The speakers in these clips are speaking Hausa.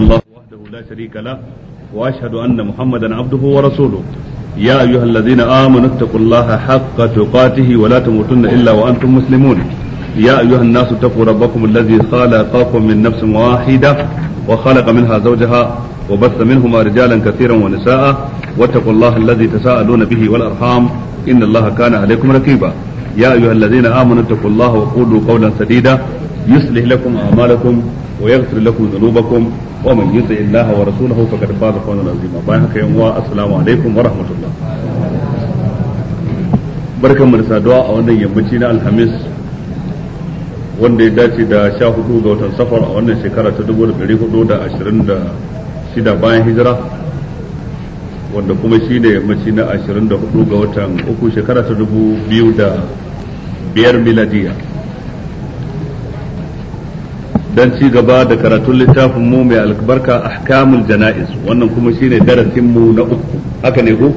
الله وحده لا شريك له واشهد ان محمدا عبده ورسوله يا ايها الذين امنوا اتقوا الله حق تقاته ولا تموتن الا وانتم مسلمون يا ايها الناس اتقوا ربكم الذي خلقكم من نفس واحده وخلق منها زوجها وبث منهما رجالا كثيرا ونساء واتقوا الله الذي تساءلون به والارحام ان الله كان عليكم رقيبا يا ايها الذين امنوا اتقوا الله وقولوا قولا سديدا يصلح لكم اعمالكم ويغفر لكم ذنوبكم ومن يطع الله ورسوله فقد فاز فوزا عظيما بارك يوم السلام عليكم ورحمه الله barkan mu da saduwa a wannan yammaci na alhamis wanda ya dace da sha hudu ga watan safar a wannan shekara ta dubu da dari hudu da ashirin da shida bayan hijira wanda kuma shi ne yammaci na ashirin da hudu ga watan uku shekara ta dubu biyu da biyar miladiya don ci gaba da karatun littafin mu mai albarka ahkamul jana'iz wannan kuma shine darasin mu na uku haka ne ko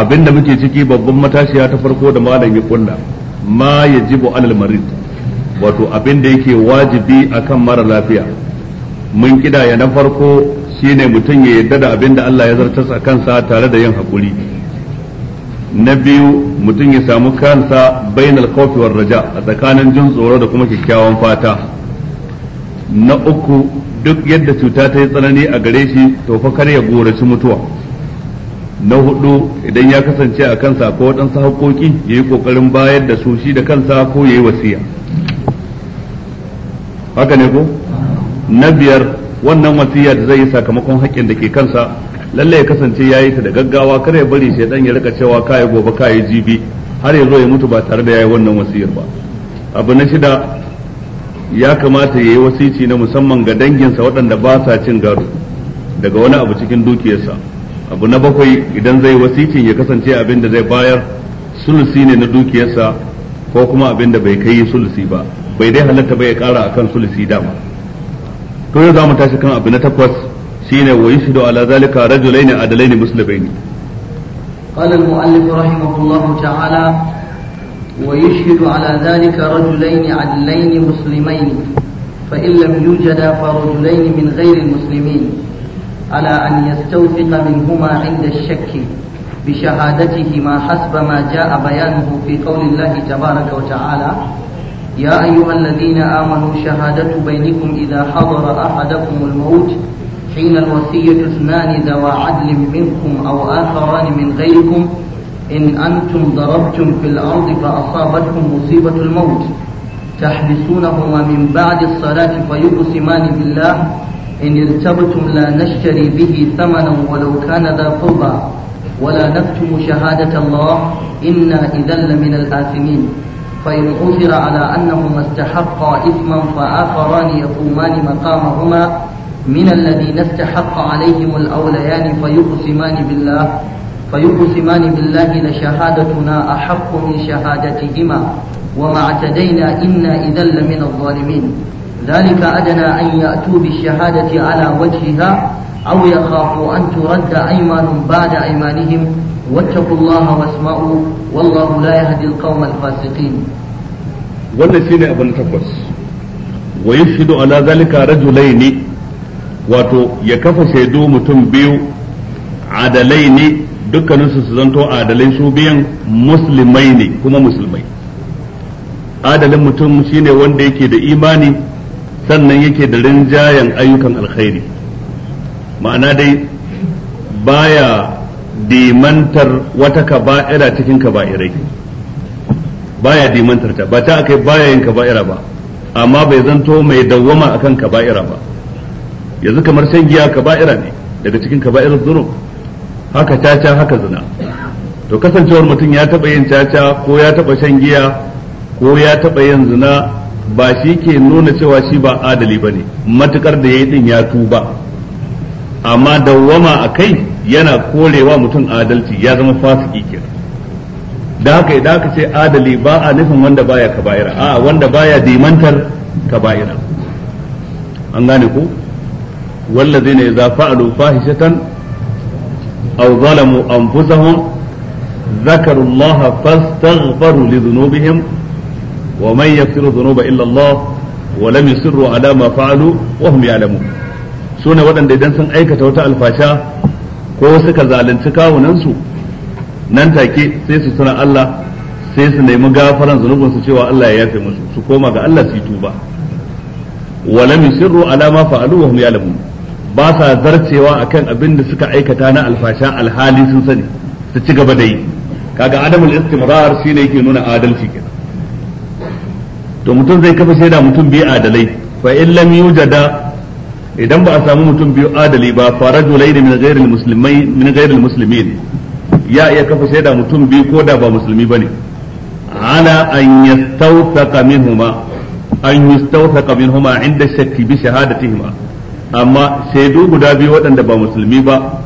abinda muke ciki babban matashiya ta farko da malam ya kunna ma yajibu alal marid wato abinda yake wajibi akan mara lafiya mun kidaya na farko shine mutum ya yarda da abinda Allah ya zartas a kansa tare da yin hakuri na biyu mutum ya samu kansa bainal khawfi raja a tsakanin jin tsoro da kuma kyakkyawan fata na uku duk yadda cuta ta yi tsanani a gare shi to fa kar ya goraci mutuwa na hudu idan ya kasance a kansa ko waɗansu haƙoƙi ya yi ƙoƙarin bayar da su shi da kansa ko ya yi wasiya haka ne ko na biyar wannan wasiya da zai yi sakamakon haƙƙin da ke kansa lalle ya kasance ya yi ta da gaggawa kada ya bari shaidan ya rika cewa kai gobe kai jibi har ya zo ya mutu ba tare da yayi wannan wasiyar ba abu na shida ya kamata ya yi wasici na musamman ga danginsa waɗanda ba sa cin gado daga wani abu cikin dukiyarsa abu na bakwai idan zai wasicin ya kasance abin da zai bayar sulusi ne na dukiyarsa ko kuma abin da bai kai sulusi ba bai dai halatta bai ya ƙara akan sulusi dama to yau za mu tashi kan abu na takwas shine wa yushidu ala zalika rajulaini adalaini muslimaini قال المؤلف رحمه الله تعالى ويشهد على ذلك رجلين عدلين مسلمين فإن لم يوجدا فرجلين من غير المسلمين على أن يستوثق منهما عند الشك بشهادتهما حسب ما جاء بيانه في قول الله تبارك وتعالى يا أيها الذين آمنوا شهادة بينكم إذا حضر أحدكم الموت حين الوصية اثنان ذوى عدل منكم أو آخران من غيركم إن أنتم ضربتم في الأرض فأصابتكم مصيبة الموت تحبسونهما من بعد الصلاة فيقسمان بالله إن ارتبتم لا نشتري به ثمنا ولو كان ذا قربى ولا نكتم شهادة الله إنا إذا لمن الآثمين فإن أثر على أنهما استحقا إثما فآخران يقومان مقامهما من الذين استحق عليهم الأوليان فيقسمان بالله فيقسمان بالله لشهادتنا أحق من شهادتهما وما اعتدينا إنا إذا لمن الظالمين ذلك أدنى أن يأتوا بالشهادة على وجهها أو يخافوا أن ترد أيمان بعد أيمانهم واتقوا الله واسمعوا والله لا يهدي القوم الفاسقين wannan shine abin takwas wa yashhadu ala zalika rajulaini wato ya kafa shaidu mutum biyu adalai ne dukkaninsu su zanto adalai su biyan musulmai ne kuma musulmai adalin mutum shine wanda yake da imani sannan yake da rinjayen ayyukan alkhairi ma'ana dai baya dimantar wata kaba'ira cikin kaba'irai baya dimantar ta ba ta akai baya yin kaba'ira ba amma bai zanto mai dawwama akan kaba'ira ba yanzu kamar shan giya kaba'ira ne daga cikin kaba'irar zunub haka caca haka zina to kasancewar mutum ya taba yin caca ko ya taba shan giya ko ya taba yin zina ba shi ke nuna cewa shi ba adali ba ne matukar da ya yi din ya tuba amma dawwama kai. yana korewa mutum adalci ya zama fasiki ke da haka idan aka ce adali ba a nufin wanda baya kaba'ira a wanda baya dimantar kaba'ira an gane ko wallazina idza fa'alu fahishatan aw zalamu anfusahum ذكروا wa man yaghfiru dhunuba illa Allah wa lam yusirru ala ma fa'alu wa hum ya'lamun sune waɗanda idan sun aikata wata alfasha ko suka zalunci kawunansu nan take sai su tuna Allah sai su nemi gafaran zunubin su cewa Allah ya yafe musu su koma ga Allah su yi tuba walam yusirru ala ma fa'alu wa hum ya'lamun ba sa zarcewa akan abin da suka aikata na alfasha alhali sun sani su ci gaba da yi kaga adamul istimrar ne yake nuna adalci kenan to mutum zai kafa shaida mutum bi adalai fa in lam yujada idan ba a samu mutum biyu adali ba fara julai ne min musulmi ne. ya iya kafa shaida mutum biyu ko da ba musulmi ne ala an yastawthaqa huma an yastawthaqa huma inda shakki bi shahada hima. amma shaidu guda biyu waɗanda ba musulmi ba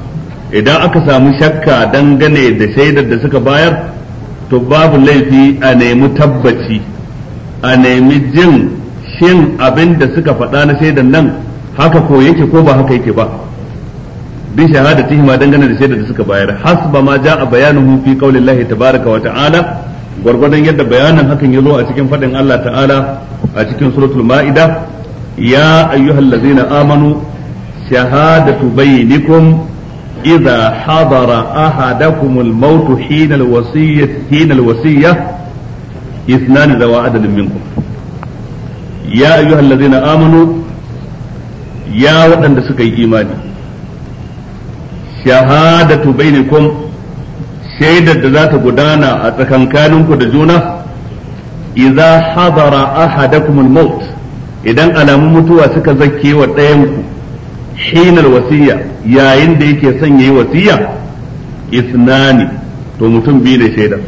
idan aka samu shakka dangane da shaidar da suka bayar to babu laifi a nemi tabbaci a nemi jin shin abin da suka faɗa na shaidan nan haka ko yake ko ba haka yake ba bi shahadatihim dangane da shaidar da suka bayar hasba ma jaa bayanuhu fi qaulillahi baraka wa ta'ala gwargwadon yadda bayanin hakan ya zo a cikin fadin Allah ta'ala a cikin suratul ma'ida ya ayyuhallazina amanu shahadatu bainakum idza hadara ahadakumul maut hina alwasiyyah hina alwasiyyah ithnan dawa adadin minkum ya ayyuhallazina amanu ya waɗanda suka yi imani shahadatu bainakum shaidar da za ta gudana a tsakankaninku da juna idza hadara ahadakum al-maut idan alamun mutuwa suka zakke wa ɗayan ku hinar wasiyya yayin da yake son yayi wasiya isnani to mutum biyu da shaidar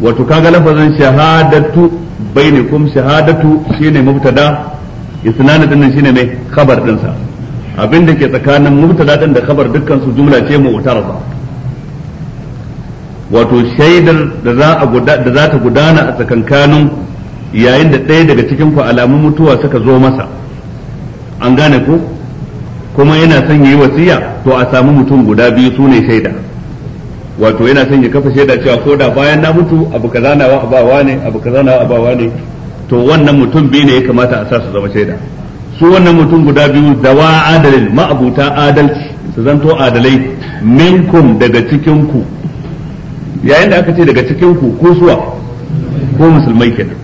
wato kaga lafazin shahadatu bainakum shahadatu shine mubtada isnanu din shine mai khabar din sa abin da ke tsakanin mubtada din da khabar dukkan su jumla ce mu'tarafa wato shaidar da za a da za ta gudana a tsakankanin yayin da ɗaya daga cikin ku alamun mutuwa suka zo masa an gane ko kuma yana son yi wasiya to a samu mutum guda biyu su ne shaida wato yana son ya kafa shaida cewa ko da bayan na mutu abu kaza na wa abawa ne abu kaza na wa abawa ne to wannan mutum biyu ne ya kamata a sa su zama shaida su wannan mutum guda biyu dawa adalin ma'abuta adalci su zanto adalai minkum daga cikin ku yayin da aka ce daga cikin ku ko suwa ko musulmai kenan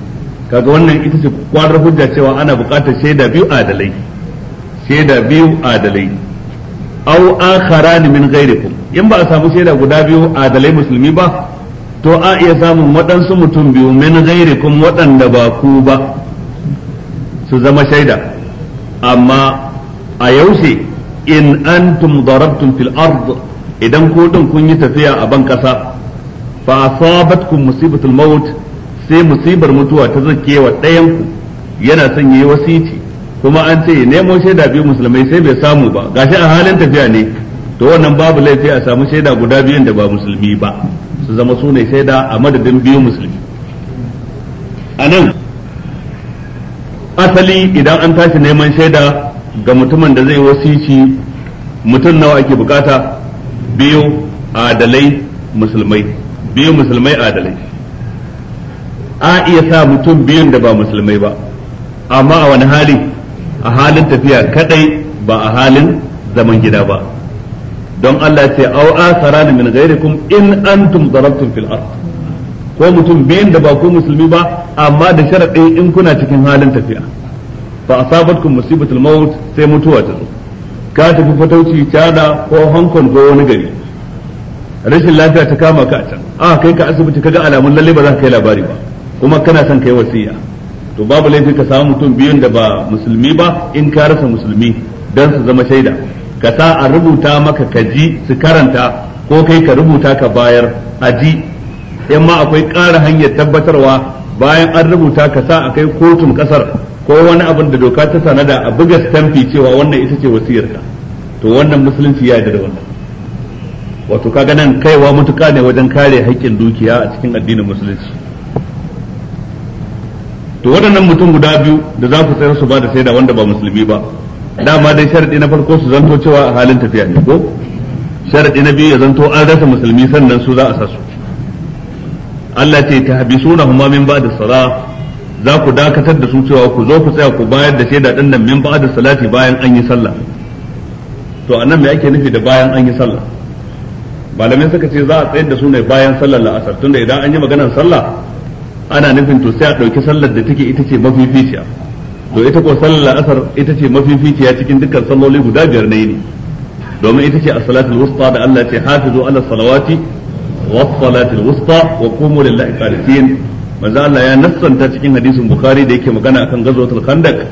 kaga wannan ita ce kwarar hujja cewa ana buƙatar shaida biyu adalai shaida biyu adalai aw akharani min ghairikum in ba a samu shaida guda biyu adalai musulmi ba to a iya samun waɗansu mutum biyu min kuma waɗanda ba ku ba su zama shaida amma a yaushe in antum darabtum fil ard idan ko din kun yi tafiya a ban kasa fa asabatkum musibatul maut sai musibar mutuwa ta zake wa ɗayan ku yana son yayi wasiti kuma an ce nemo shaida biyu musulmai sai bai samu ba gashi a halin tafiya ne to wannan babu laifi a samu shaida guda biyun da ba musulmi ba su zama su ne shaida a madadin biyu musulmi a nan asali idan an tashi neman shaida ga mutumin da zai wasici mutum nawa ake bukata biyu adalai musulmai biyu musulmai adalai a iya sa mutum biyun da ba musulmai ba amma a wani hali a halin tafiya kadai ba a halin zaman gida ba don Allah ce aw asaran min ghairikum in antum darabtum fil ard ko mutum biyan da ba musulmi ba amma da sharadin in kuna cikin halin tafiya fa asabatkum musibatul maut sai mutuwa ta zo ka tafi fatauci tada ko Hong Kong ko wani gari rashin lafiya ta kama ka a can a kai ka asibiti kaga alamun lalle ba za ka kai labari ba kuma kana son kai wasiya to babu laifi ka samu mutum biyun da ba musulmi ba in ka rasa musulmi dan su zama shaida ka sa a rubuta maka ka ji su karanta ko kai ka rubuta ka bayar a ji in ma akwai ƙara hanyar tabbatarwa bayan an rubuta ka sa a kai kotun ƙasar ko wani abin da doka ta da a buga stamfi cewa wannan ita ce wasiyarka to wannan musulunci ya yarda da wannan wato kaga nan kaiwa mutuka ne wajen kare haƙƙin dukiya a cikin addinin musulunci to waɗannan mutum guda biyu da za ku sayar su ba da saida wanda ba musulmi ba dama dai sharadi na farko su zanto cewa a halin tafiya ne ko sharadi na biyu ya zanto an rasa musulmi sannan su za a sa su Allah ce ta na huma min da salah za ku dakatar da su cewa ku zo ku tsaya ku bayar da shaida din nan min ba'da salati bayan an yi sallah to anan me ake nufi da bayan an yi sallah malamai suka ce za a tsayar da su ne bayan sallar la'asar tunda idan an yi maganar sallah ana nufin to sai a ɗauki sallar da take ita ce mafificiya to ita ko sallar la'asar ita ce mafificiya cikin dukkan salloli guda biyar na ne. domin ita ce a salatul wusta da Allah ce hafizu ala salawati wa salatul wusta wa qumu lillahi qanitin manzo Allah ya nassanta cikin hadisin bukhari da yake magana akan ghazwatul khandaq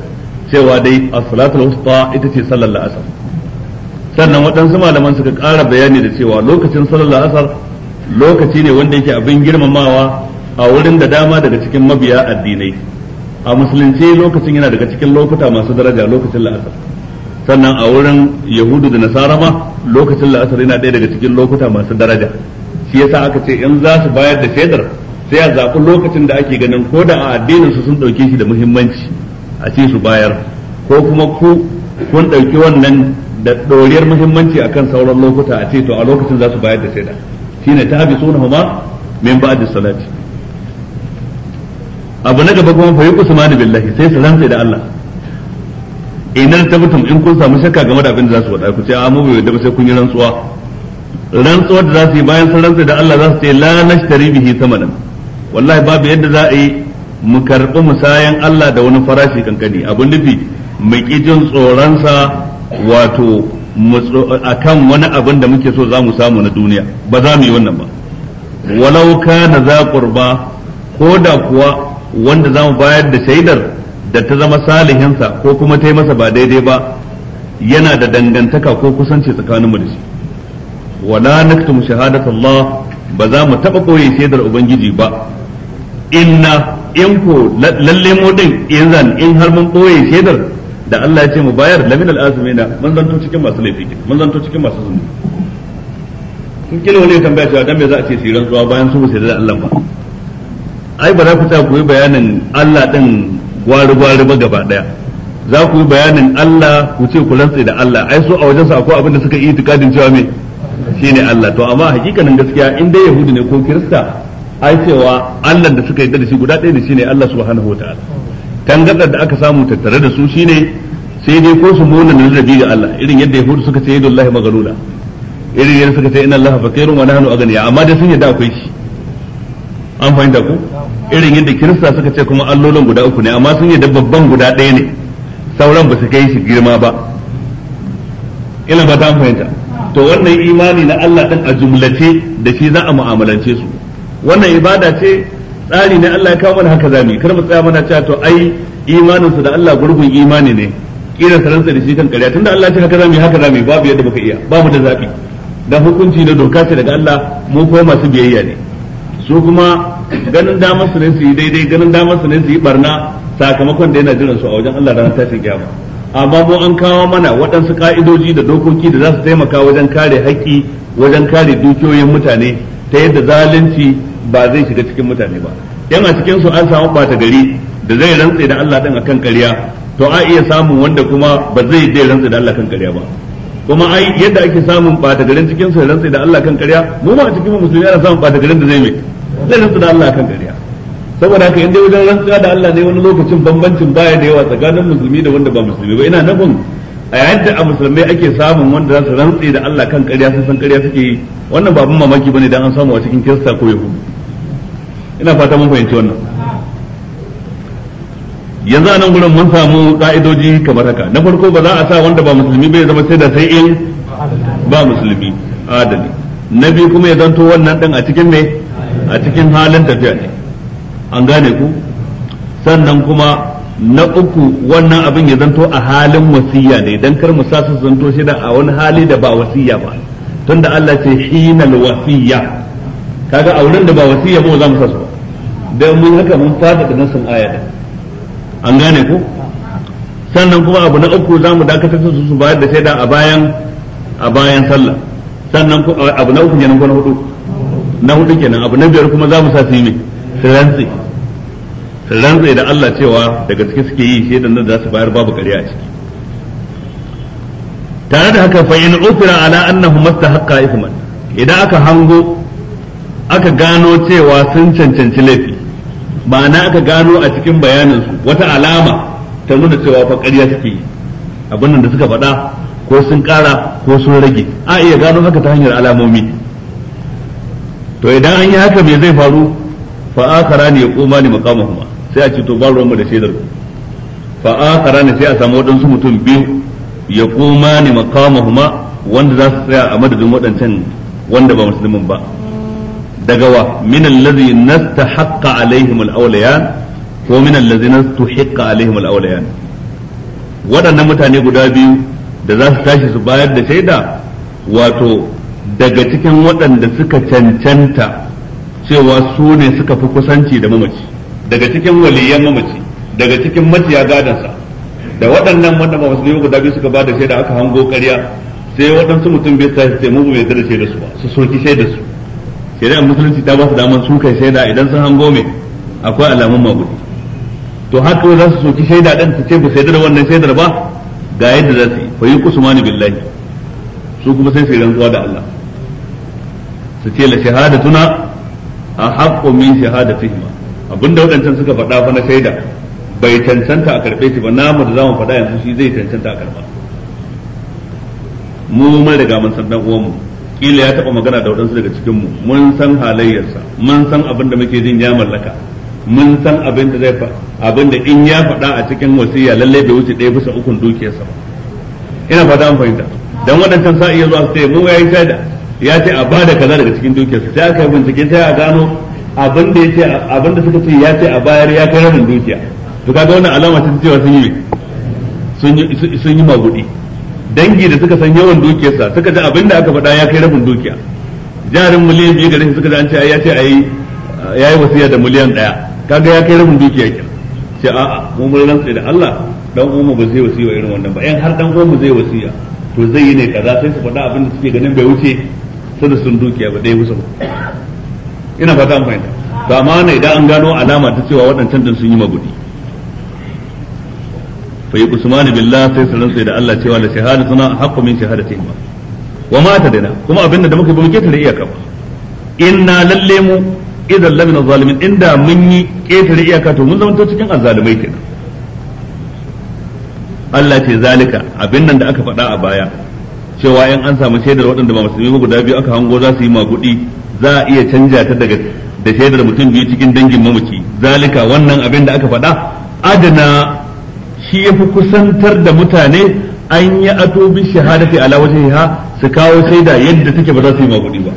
cewa dai as-salatul wusta ita ce sallar la'asar sannan waɗansu malaman suka ƙara bayani da cewa lokacin sallar la'asar lokaci ne wanda yake abin girmamawa a wurin da dama daga cikin mabiya addinai a musulunci lokacin yana daga cikin lokuta masu daraja lokacin la'asar sannan a wurin yahudu da nasara ma lokacin la'asar yana ɗaya daga cikin lokuta masu daraja shi yasa aka ce in za su bayar da shaidar sai a zaɓi lokacin da ake ganin ko da a addinin su sun ɗauke shi da muhimmanci a ce su bayar ko kuma ku kun ɗauki wannan da ɗoriyar muhimmanci akan sauran lokuta a ce to a lokacin za su bayar da shaidar shine ta sunan ma min ba'd salati abu na gaba kuma su mani billahi sai su rantsa da Allah idan tabbatum in kun samu shakka game da abin da za su faɗa ku ce a mu bai da sai kun yi rantsuwa rantsuwar da za su yi bayan sun rantsa da Allah za su ce la nashtari bihi samanan wallahi babu yadda za a yi mu karɓi musayan Allah da wani farashi kankani abin nufi mu ƙi jin sa wato akan wani abin da muke so za mu samu na duniya ba za mu yi wannan ba walau kana za qurba ko da kuwa wanda za mu bayar da shaidar da ta zama salihinsa ko kuma ta yi masa ba daidai ba yana da dangantaka ko kusanci tsakaninmu da shi wala naktum shahadat Allah ba za mu taba koyi shaidar ubangiji ba inna in ko lalle mu din in in har mun koyi shaidar da Allah ya ce mu bayar lamin al'azmina mun zanto cikin masu laifi mun zanto cikin masu zunubi kin kila wani tambaya cewa dan me za a ce siran zuwa bayan su ba sai da Allah ba ai ba za ku ta ku yi bayanin Allah din gwari gwari ba gaba daya za ku yi bayanin Allah ku ce ku rantsa da Allah ai so a wajen sa akwai abin da suka yi itikadin cewa me shine Allah to amma hakikanin gaskiya in dai yahudi ne ko kirista ai cewa Allah da suka yi da shi guda ɗaya da shine Allah subhanahu wataala tangarda da aka samu tattare da su shine sai dai ko su mona na rabi ga Allah irin yadda yahudu suka ce yadullahi magalula irin yadda suka ce inna Allah fakirun wa nahnu aghniya amma da sun yadda akwai shi an fahimta ko irin yadda kirista suka ce kuma allolin guda uku ne amma sun yi babban guda ɗaya ne sauran ba su kai shi girma ba ina ba ta fahimta to wannan imani na Allah din a jumlace da shi za a mu'amalance su wannan ibada ce tsari ne Allah ya kawo mana haka zamu kar mu tsaya mana cewa to ai imanin su da Allah gurgun imani ne kira saransa da shi kan karya tunda Allah ya ce haka zamu haka zamu babu yadda muka iya babu da zabi da hukunci da doka ce daga Allah mu kuma masu biyayya ne su kuma ganin damar su ne su yi daidai ganin damar su ne su yi barna sakamakon da yana jiran su a wajen Allah ranar tashin kiyama amma mu an kawo mana waɗansu ka'idoji da dokoki da za su taimaka wajen kare haƙƙi wajen kare dukiyoyin mutane ta yadda zalunci ba zai shiga cikin mutane ba yan a cikin su an samu bata gari da zai rantse da Allah din akan ƙarya to a iya samun wanda kuma ba zai zai rantse da Allah kan ƙarya ba kuma ai yadda ake samun bata garin cikin su rantse da Allah kan ƙarya mu ma a cikin musulmi ana samun bata garin da zai mai zai da Allah kan ƙarya saboda haka inda wajen rantsuwa da Allah ne wani lokacin bambancin baya da yawa tsakanin musulmi da wanda ba musulmi ba ina nufin a yayin da a musulmai ake samun wanda za su rantse da Allah kan ƙarya sun san ƙarya suke yi wannan ba abin mamaki bane dan an samu a cikin kirista ko yahudu ina fata mun fahimci wannan yanzu a nan gurin mun samu ka'idoji kamar haka na farko ba za a sa wanda ba musulmi bai zama sai da sai in ba musulmi adali na biyu kuma ya zanto wannan din a cikin ne a cikin halin tafiya ne an gane ku sannan kuma na uku wannan abin ya zanto a halin wasiya ne dan kar mu sasu zanto shi da a wani hali da ba wasiya ba tunda Allah ce hinal wasiya kaga a wurin da ba wasiya ba za mu sasu da mun haka mun fada da nasin aya an gane ku sannan kuma abu na uku za mu dakatar su su bayar da shaida a bayan a bayan sallah sannan abu na uku ne ko na hudu na hudu kenan abu na biyar kuma za mu sa su yi mai su da Allah cewa daga ciki suke yi shi da za su bayar babu karya a ciki tare da haka fa in ufira ala annahu mastahaqqa ithman idan aka hango aka gano cewa sun cancanci laifi ma'ana aka gano a cikin bayanin su wata alama ta nuna cewa fa kariya suke yi abin da suka faɗa ko sun ƙara ko sun rage a iya gano haka ta hanyar alamomi to idan an yi haka me zai faru fa akara ne ya koma ne kuma sai a ce to ba mu da shaidar ku fa akara ne sai a samu waɗansu mutum biyu ya koma ne kuma wanda za su tsaya a madadin wadancan wanda ba musulmin ba daga wa min allazi nastahaqqa alaihim al ko min allazi nastuhiqqa alaihim al wadannan waɗannan mutane guda biyu da za su tashi su bayar da shaida wato daga cikin waɗanda suka cancanta cewa su ne suka fi kusanci da mamaci daga cikin waliyan mamaci daga cikin maciya gadansa da waɗannan wanda ba su guda biyu suka ba da shaida aka hango ƙarya sai waɗansu mutum bai sa sai mu bai da shaida su ba su soki shaida su Shaida musulunci ta ba su damar su kai shaida idan sun hango mai akwai alamun maguɗi to haka za su soki shaida ɗin su ce ba sai da wannan shaidar ba ga yadda za su yi fa yi kusumani billahi su kuma sai su yi rantsuwa da Allah su ce la shahadatuna ahaqqu min shahadatihima abinda wadancan suka faɗa fa na shaida bai cancanta a karɓe shi ba namu da zamu faɗa yanzu shi zai cancanta a karɓa mu mai daga mun san dan uwanmu kila ya taɓa magana da wadansu daga cikin mu mun san halayyarsa mun san abin da muke jin ya mallaka mun san abin da zai abin da in ya faɗa a cikin wasiya lalle bai wuce ɗaya bisa ukun dukiyarsa ba ina fata an fahimta dan waɗancan sa'i iya zuwa su ce mu yayi shaida ya ce a bada kaza daga cikin dukiyarsa sai aka yi bincike sai a gano abin da yake abin da suka ce ya ce a bayar ya kai rabin dukiya to kaga wannan alama ta cewa sun yi sun yi sun yi magudi dangi da suka san yawan dukiyarsa suka ji abin da aka faɗa ya kai rabin dukiya jarin miliyan biyu garin suka ji an ce ya ce a yi ya yi wasiya da miliyan ɗaya kaga ya kai rabin dukiya ke ce a'a mu mun rantsa da Allah dan uwan mu ba zai wasiya irin wannan ba in har dan uwan mu zai wasiya to zai yi ne kaza sai su faɗa abin da suke ganin bai wuce sada sun dukiya ba dai musu ina fata an fahimta to amma ne idan an gano alama ta cewa waɗancan din sun yi magudi fa yi usman billah sai su rantsa da Allah cewa la shahadatuna haqqu min shahadatihim wa ma tadana kuma abinda da muka ba muke tare iyaka ba inna lalle mu idan lamina zalimin inda mun yi ketare iyaka to mun zama cikin azzalumai kenan Allah ce zalika abin nan da aka faɗa a baya cewa in an samu shaidar waɗanda ba musulmi ba guda biyu aka hango za su yi maguɗi za a iya canja ta daga da shaidar mutum biyu cikin dangin mamaci zalika wannan abin da aka faɗa adana shi ya fi kusantar da mutane an yi ato bi shahadati ala wajhiha su kawo shaida yadda take ba za su yi maguɗi ba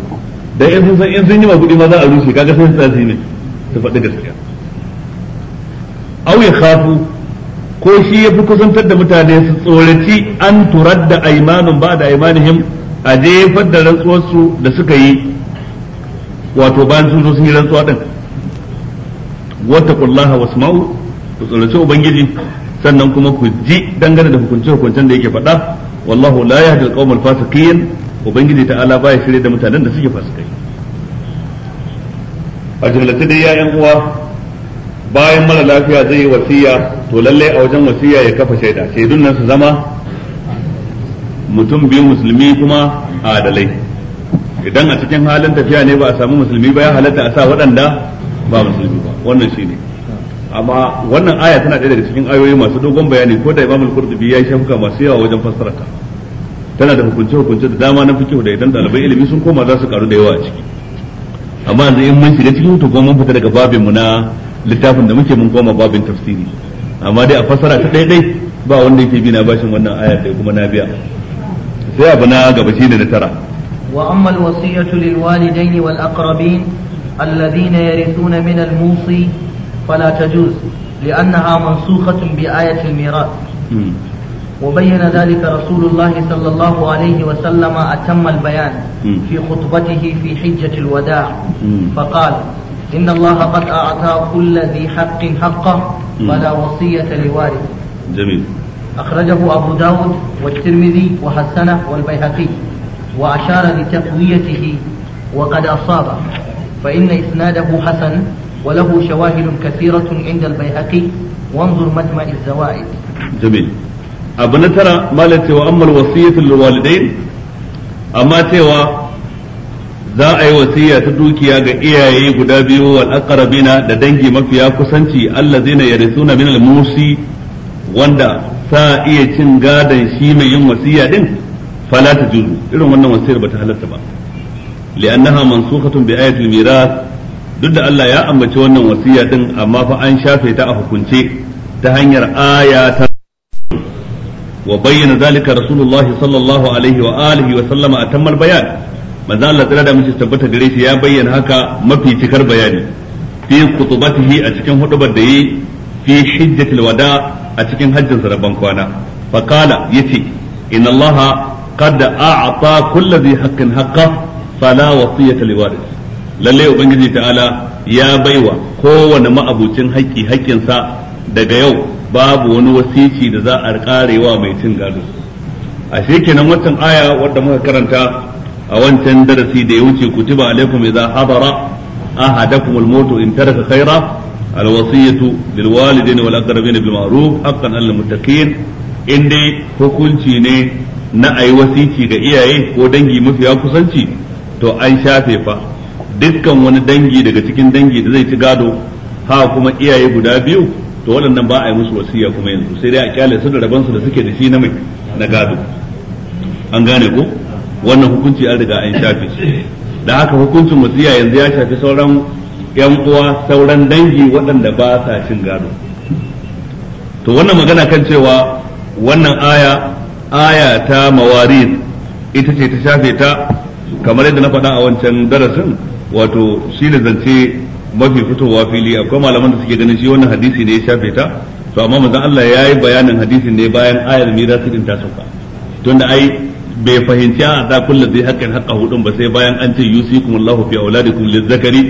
da in sun in sun yi maguɗi ma za a rushe kaga sai su tsasi ne su faɗi gaskiya aw ya khafu ko shi ya fi kusantar da mutane su tsoraci an turar da aimanin ba da aimanihim a jefar da rantsuwarsu da suka yi wato bayan sun zo sun yi rantsuwa din wasu ma'u ku tsoraci ubangiji sannan kuma ku ji dangane da hukunce hukuncen da yake faɗa wallahu la ya yahdi al fasiqin ubangiji ta'ala baya shirye da mutanen da suke fasikai a jumlace dai ya uwa bayan mara lafiya zai yi wasiya to lallai a wajen wasiya ya kafa shaida shaidun nan su zama mutum biyu musulmi kuma adalai idan a cikin halin tafiya ne ba a samu musulmi ba ya halatta a sa waɗanda ba musulmi ba wannan shi ne. amma wannan aya tana ɗaya daga cikin ayoyi masu dogon bayani ko da imamul qurtubi ya yi shafuka masu yawa wajen fassara ta tana da hukunce hukunce da dama na fikihu da idan ɗalibai ilimi sun koma za su karu da yawa a ciki amma yanzu in mun shiga cikin to kuma mun fita daga babin mu na littafin da muke mun koma babin tafsiri amma dai a fasara ta daidai ba wanda yake bi na bashin wannan ayar da kuma na biya sai abu na gaba shine na tara wa amma alwasiyatu lilwalidaini wal aqrabin alladhina yarithuna min almusi fala tajuz لأنها منسوخة بآية الميراث وبين ذلك رسول الله صلى الله عليه وسلم أتم البيان في خطبته في حجة الوداع فقال إن الله قد أعطى كل ذي حق حقه ولا وصية لوارث جميل أخرجه أبو داود والترمذي وحسنه والبيهقي وأشار لتقويته وقد أصاب فإن إسناده حسن وله شواهد كثيرة عند البيهقي وانظر مجمع الزوائد جميل أبنترى na tara وأما الوصية للوالدين wasiyatul walidai za a yi wasiya ta dukiya ga iyaye guda biyu wal aqrabina da dangi mafiya kusanci allazina yarisuna min al musi wanda sa iya cin gadan shi mai yin wasiya din fala ta juzu irin wannan wasiyar bata halatta ba li'annaha mansukhatun bi ayatil miras duk da Allah ya ambaci wannan wasiya din amma fa an shafe ta a hukunce ta hanyar aya ta wa bayyana zalika rasulullahi sallallahu alaihi wa alihi wa sallama atammal bayan manzo Allah tsira da mace tabbata gare shi ya bayyana haka mafi cikar bayani fi kutubatihi a cikin hudubar da yi fi hijjatil wada a cikin hajjin sa rabban kwana fa qala yace inna Allah qad a'ta kulli dhi haqqin haqqa fala wasiyata waris lalle ubangiji ta'ala ya baiwa kowane ma'abucin haƙƙi sa daga yau babu wani wasici da za a karewa mai cin gado a shekenan watan aya wanda muka karanta a wancan darasi da ya wuce kutiba alaikum idza hadara ahadakum al-maut in taraka khaira al-wasiyatu lil walidayni wal bil ma'ruf haqqan al muttaqin in dai hukunci ne na ayi wasiki ga iyaye ko dangi mafiya kusanci to an shafe fa dukkan wani dangi daga cikin dangi da zai ci gado ha kuma iyaye guda biyu to waɗannan ba a yi musu wasiya kuma yanzu sai dai a kyale su da rabansu da suke da shi na mai na gado an gane ko wannan hukunci an riga an shafe shi da haka hukuncin wasiya yanzu ya shafi sauran yan uwa sauran dangi waɗanda ba sa cin gado to wannan magana kan cewa wannan aya aya ta mawarid ita ce ta shafe ta kamar yadda na faɗa a wancan darasin wato shi ne zance mafi fitowa fili akwai malaman da suke ganin shi wannan hadisi ne ya shafe ta to amma manzon Allah ya yi bayanin hadisi ne bayan ayar mira din ta sauka tunda ai bai fahimci an ata kullu zai haqqan haqqa hudun ba sai bayan an ce kuma Allahu fi auladikum lizzakari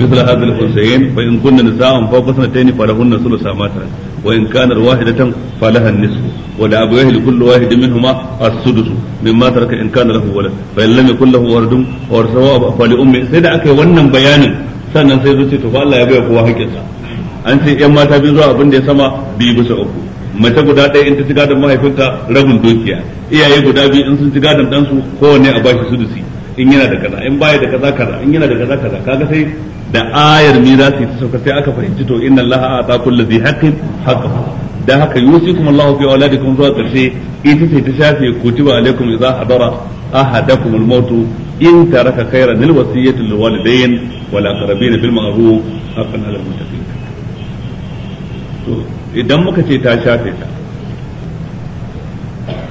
mithla hadha al-husayn fa in kunna nisa'an fawqa sanatayn falahunna thuluthu ma tarak wa in kana wahidatan falaha an-nisfu wa la abawahu li kulli wahidin minhuma as-sudus mimma taraka in kana lahu walad fa in lam yakul lahu waladun wa rasawa fa li ummi sai da akai wannan bayanin sannan sai zuci to fa Allah ya bai kowa haƙƙinsa an ce yan mata biyu zuwa abin da ya sama biyu bisa uku mace guda ɗaya in ta ci gadon mahaifinta rabin dukiya iyaye guda biyu in sun ci gadon ɗansu kowanne a bashi su sudusi in yana da kaza in baya da kaza kaza in yana da kaza kaza kaga sai da ayar mirasi ta sauka sai aka fahimci to inna allaha ata kulli dhi haqqin haqqahu da haka yusikum allahu fi auladikum zuwa karshe ita sai ta shafe kutiba alaikum idza hadara ahadakum al-maut in taraka khayran lil wasiyyati lil walidayn wal aqrabin bil ma'ruf haqqan ala al-muttaqin to idan muka ce ta shafe ta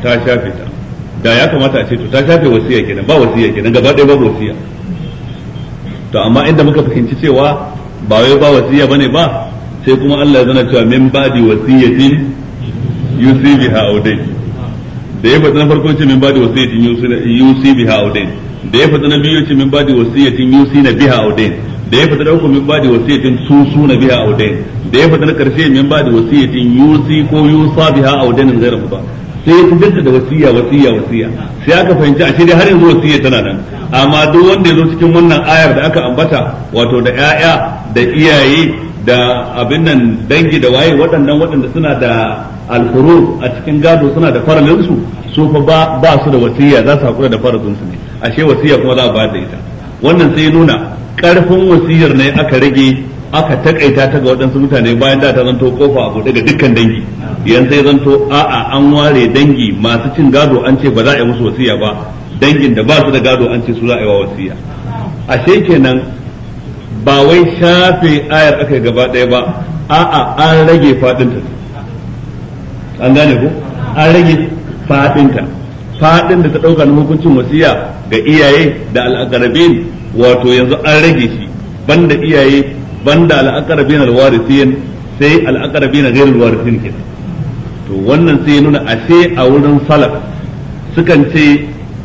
ta shafe ta da ya kamata a ce to ta shafe wasiya kenan ba wasiya kenan gaba ɗaya babu wasiya to amma inda muka fahimci cewa ba wai ba wasiya bane ba sai kuma Allah ya zana cewa min ba'di wasiyatin yusi biha audai da ya faɗi na farko ce min ba'di wasiyatin yusi biha audai da ya faɗi na biyu ce min ba'di wasiyatin yusi na biha audai da ya fita dauku min bada wasiyatin susuna biha aw dayn da ya fita na karshe min bada wasiyatin yusi ko yusa biha aw zai rabu ba sai ya fitar da wasiya wasiya wasiya sai aka fahimci a dai har yanzu wasiya tana nan amma duk wanda ya zo cikin wannan ayar da aka ambata wato da 'ya'ya da iyaye da abin nan dangi da waye waɗannan waɗanda suna da alfuru a cikin gado suna da faralinsu su fa ba su da wasiya za su haƙura da faralinsu ne ashe wasiya kuma za a ba da ita wannan sai nuna karfin wasiyar ne aka rage aka takaita ta ga waɗansu mutane bayan da ta zanto kofa a buɗe ga dukkan dangi yanzu ya zanto a'a an ware dangi masu cin gado an ce ba za a yi musu wasiya ba dangin da ba su da gado an ce su za a yi wa wasiya ashe kenan ba wai shafe ayar aka yi gaba ɗaya ba a'a an rage faɗinta an gane ko an rage faɗinta faɗin da ta ɗauka na hukuncin wasiya ga iyaye da al'aqrabin wato yanzu an rage shi banda iyaye banda al'aqrabin alwarisiyin sai al'aqrabin ghairul warisin kenan to wannan sai ya nuna ashe a wurin salaf sukan ce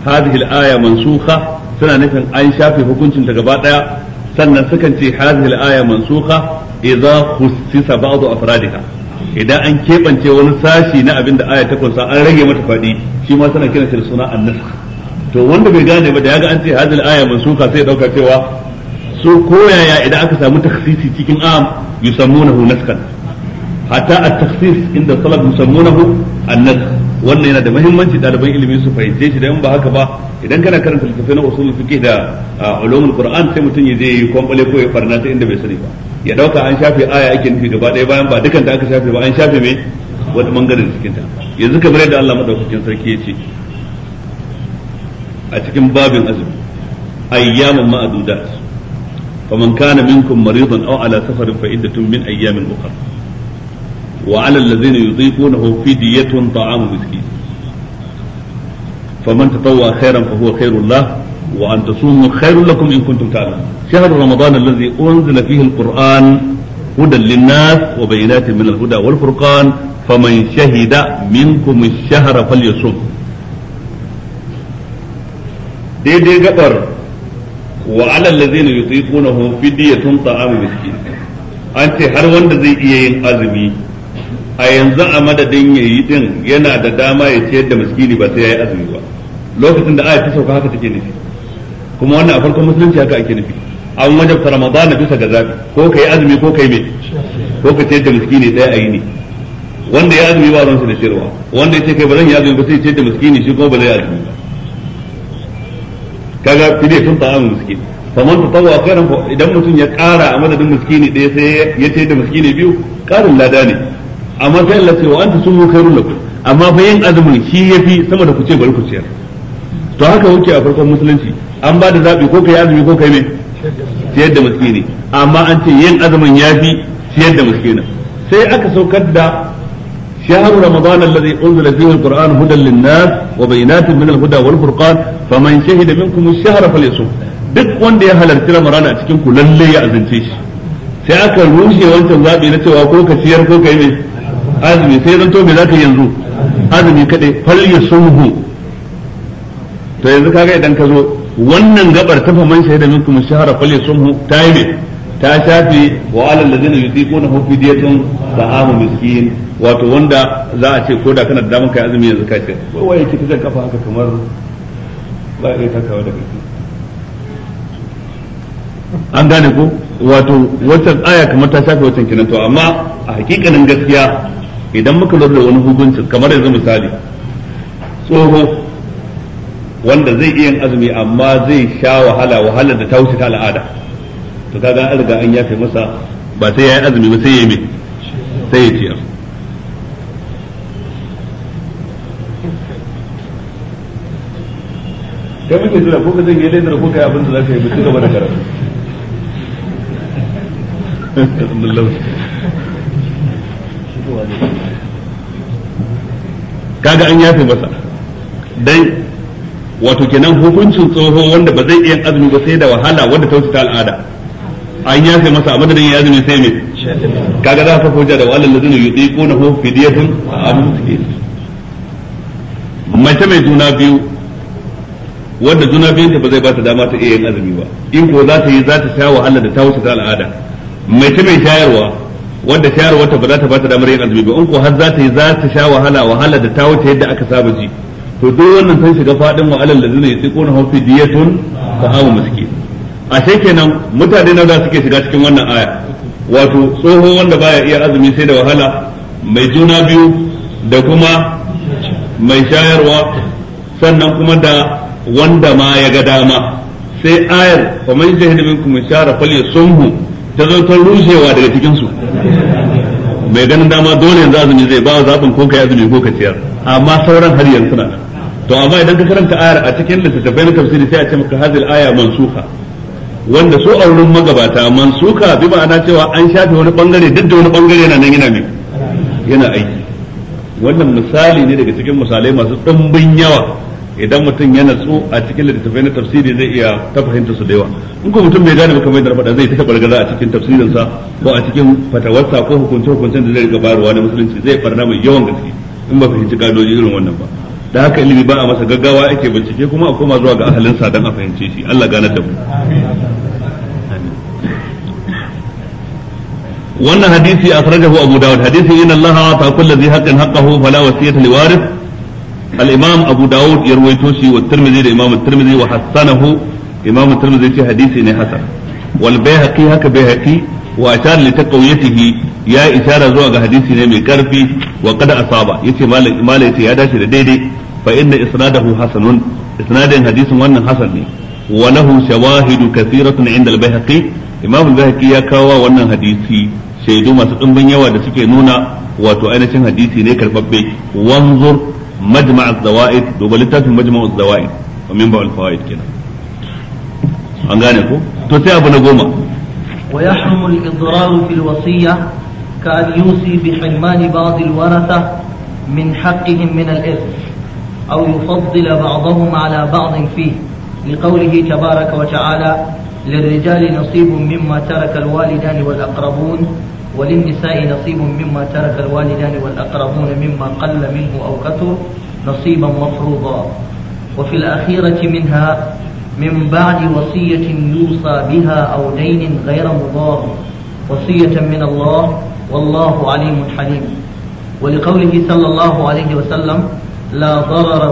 hadhihi al mansukha suna nufin an shafe hukuncin ta gaba daya sannan sukan ce hadhihi al-aya mansukha idza khussisa ba'du afradiha idan an keɓance wani sashi na abin da aya ta kunsa an rage mata faɗi shi ma suna kiran shi da suna an-nasakh to wanda bai gane ba da ya ga an ce hadal aya mansuka sai dauka cewa su koyaya idan aka samu takhsisi cikin am yusammunahu naskan hatta at-takhsis inda talab yusammunahu an-nask wannan yana da muhimmanci daliban ilimi su fahimce shi da in ba haka ba idan kana karanta littattafai na usul fiqh da ulumul qur'an sai mutum ya je yi kwambale ko ya farna ta inda bai sani ba ya dauka an shafe aya ake nufi gaba daya bayan ba dukan da aka shafe ba an shafe me wani bangaren cikin ta yanzu kamar yadda Allah madaukakin sarki ya ce a cikin babin azumi ayyaman ma'adudat faman kana minkum maridan aw ala safarin fa iddatun min ayyamin ukhra wa ala alladhina yudhiqunahu fidyatun ta'amu miskin faman tatawwa khairan fa huwa khairul lahu وأن تصوموا خير لكم إن كنتم تعلمون شهر رمضان الذي أنزل فيه القرآن هدى للناس وبينات من الهدى والفرقان فمن شهد منكم الشهر فليصم daidai gabar wa alal ladzina yutiqunahu fidyatun ta'am miskin an ce har wanda zai iya yin azumi a yanzu a madadin yayi din yana da dama ya ciyar da miskini ba sai yayi azumi ba lokacin da aya ta sauka haka take nufi kuma wannan a farkon musulunci haka ake nufi an wajabta ramadan bisa ga zabi ko kai azumi ko kai me ko ka ciyar da miskini a yi ne wanda ya azumi ba ruwansa da ciyarwa wanda ya ce kai ba zan yi azumi ba sai ciyar da miskini shi ko ba zai azumi ba kaga fide tun ta'amu miskin faman tatawwa ko idan mutum ya kara a madadin miskini ɗaya sai ya ce da miskini biyu karin lada ne amma sai Allah ce wa anta sumu kairu lakum amma fa yin azumin shi yafi sama da ku ce bari ku ciyar to haka wuce a farkon musulunci an ba da zabi ko kai azumi ko kai me ciyar da miskini amma an ce yin azumin yafi ciyar da miskini sai aka saukar da شهر رمضان الذي أنزل فيه القرآن هدى للناس وبينات من الهدى والفرقان فمن شهد منكم الشهر فليصوم duk wanda ya halarci Ramadan a cikin ku lalle ya azance shi sai aka rushe wancan zabi na cewa ko ka ciyar ko kai mai azumi sai zanto me zaka yanzu azumi kadai fal yasumhu to yanzu kaga idan ka zo wannan gabar ta fa faman shahida minkum shahara fal yasumhu ta yi ta shafi wa alal ladina yudiquna hu fidyatun ta'amu miskin wato wanda za a ce ko da kana da damar kai azumi yanzu ka ce waye ke ta kafa haka kamar ba a iya takawa da kai an gane ko wato wannan aya kamar ta shafe wancan kinan to amma a hakikanin gaskiya idan muka lura da wani hukunci kamar yanzu misali tsoho wanda zai iya yin azumi amma zai sha wahala wahalar da ta wuce ta al'ada to kaga an riga an yafe masa ba sai ya yi azumi ba sai ya yi me sai ya ce kai muke jira ko ka yi ledar ko ka yi abinda da za ka yi mutu gaba da karatu kaga an yafe masa dai wato kenan hukuncin tsoho wanda ba zai iya azumi ba sai da wahala wanda ta ta al'ada an yafe masa a madadin ya azumi sai me kaga za ka hujja da walal ladina yudiquna hu fidyatun amu ke. mace mai juna biyu wanda juna biyun ta ba zai ba ta dama ta iya yin azumi ba in ko za ta yi za ta sha wahala da ta wuce ta al'ada mai ta mai shayarwa wanda shayarwa ta ba za ta ba ta damar yin azumi ba in ko har za ta yi za ta sha wahala wahala da ta wuce yadda aka saba ji to duk wannan sai shiga fadin wa alal ladina yasiquna hum fi diyatun ta'amu miskin a sai kenan mutane na za su ke shiga cikin wannan aya wato tsoho wanda baya iya azumi sai da wahala mai juna biyu da kuma mai shayarwa sannan kuma da wanda ma ya ga dama sai ayar fa man jahida minkum shara falyasumhu ta zo ta rushewa daga cikin mai ganin dama dole yanzu azumi zai ba zabin ko ka azumi ko ka ciyar amma sauran har yanzu na to amma idan ka karanta ayar a cikin littattafai na tafsiri sai a ce maka hazil aya mansuka wanda su a wurin magabata mansuka bi ma'ana cewa an shafe wani bangare duk da wani bangare yana nan yana mai yana aiki wannan misali ne daga cikin misalai masu ɗumbin yawa idan mutum ya natsu a cikin littattafai na tafsiri zai iya ta fahimta su da yawa in ko mutum bai gane ba kamar yadda zai ta bargaza a cikin tafsirinsa ko a cikin fatawarsa ko hukunce hukuncen da zai riga bayarwa na musulunci zai farna mai yawan gaske in ba fahimci kadoji irin wannan ba da haka ilimi ba a masa gaggawa ake bincike kuma a koma zuwa ga ahalin sa dan a fahimce shi Allah gane da mu wannan hadisi akhrajahu abu dawud hadisi inna allaha ta kullu dhi haqqin haqqahu fala wasiyata liwarith al-imam abu dawud ya rawaito shi wa tirmidhi da imam tirmidhi wa hasanahu imam tirmidhi ce hadisi ne hasan wal bayhaqi haka bayhaqi wa ashar li taqawiyatihi ya ishara zuwa ga hadisi ne mai karfi wa qad asaba yace malam malam ya dace da daidai fa inna isnadahu hasanun hadisin wannan hasan ne wa lahu shawahidu kathiratun inda al-bayhaqi imam al-bayhaqi ya kawo wa wannan hadisi shaidu masu dimbin yawa da suke nuna wato ainihin hadisi ne karbabbe wanzu. مجمع الزوائد دوبا في مجمع الزوائد ومن بعض الفوائد كده أنغانيكو ابو بنقوما ويحرم الإضرار في الوصية كأن يوصي بحرمان بعض الورثة من حقهم من الإرث أو يفضل بعضهم على بعض فيه لقوله تبارك وتعالى للرجال نصيب مما ترك الوالدان والأقربون وللنساء نصيب مما ترك الوالدان والأقربون مما قل منه أو كثر نصيبا مفروضا وفي الأخيرة منها من بعد وصية يوصى بها أو دين غير مضار وصية من الله والله عليم حليم ولقوله صلى الله عليه وسلم لا ضرر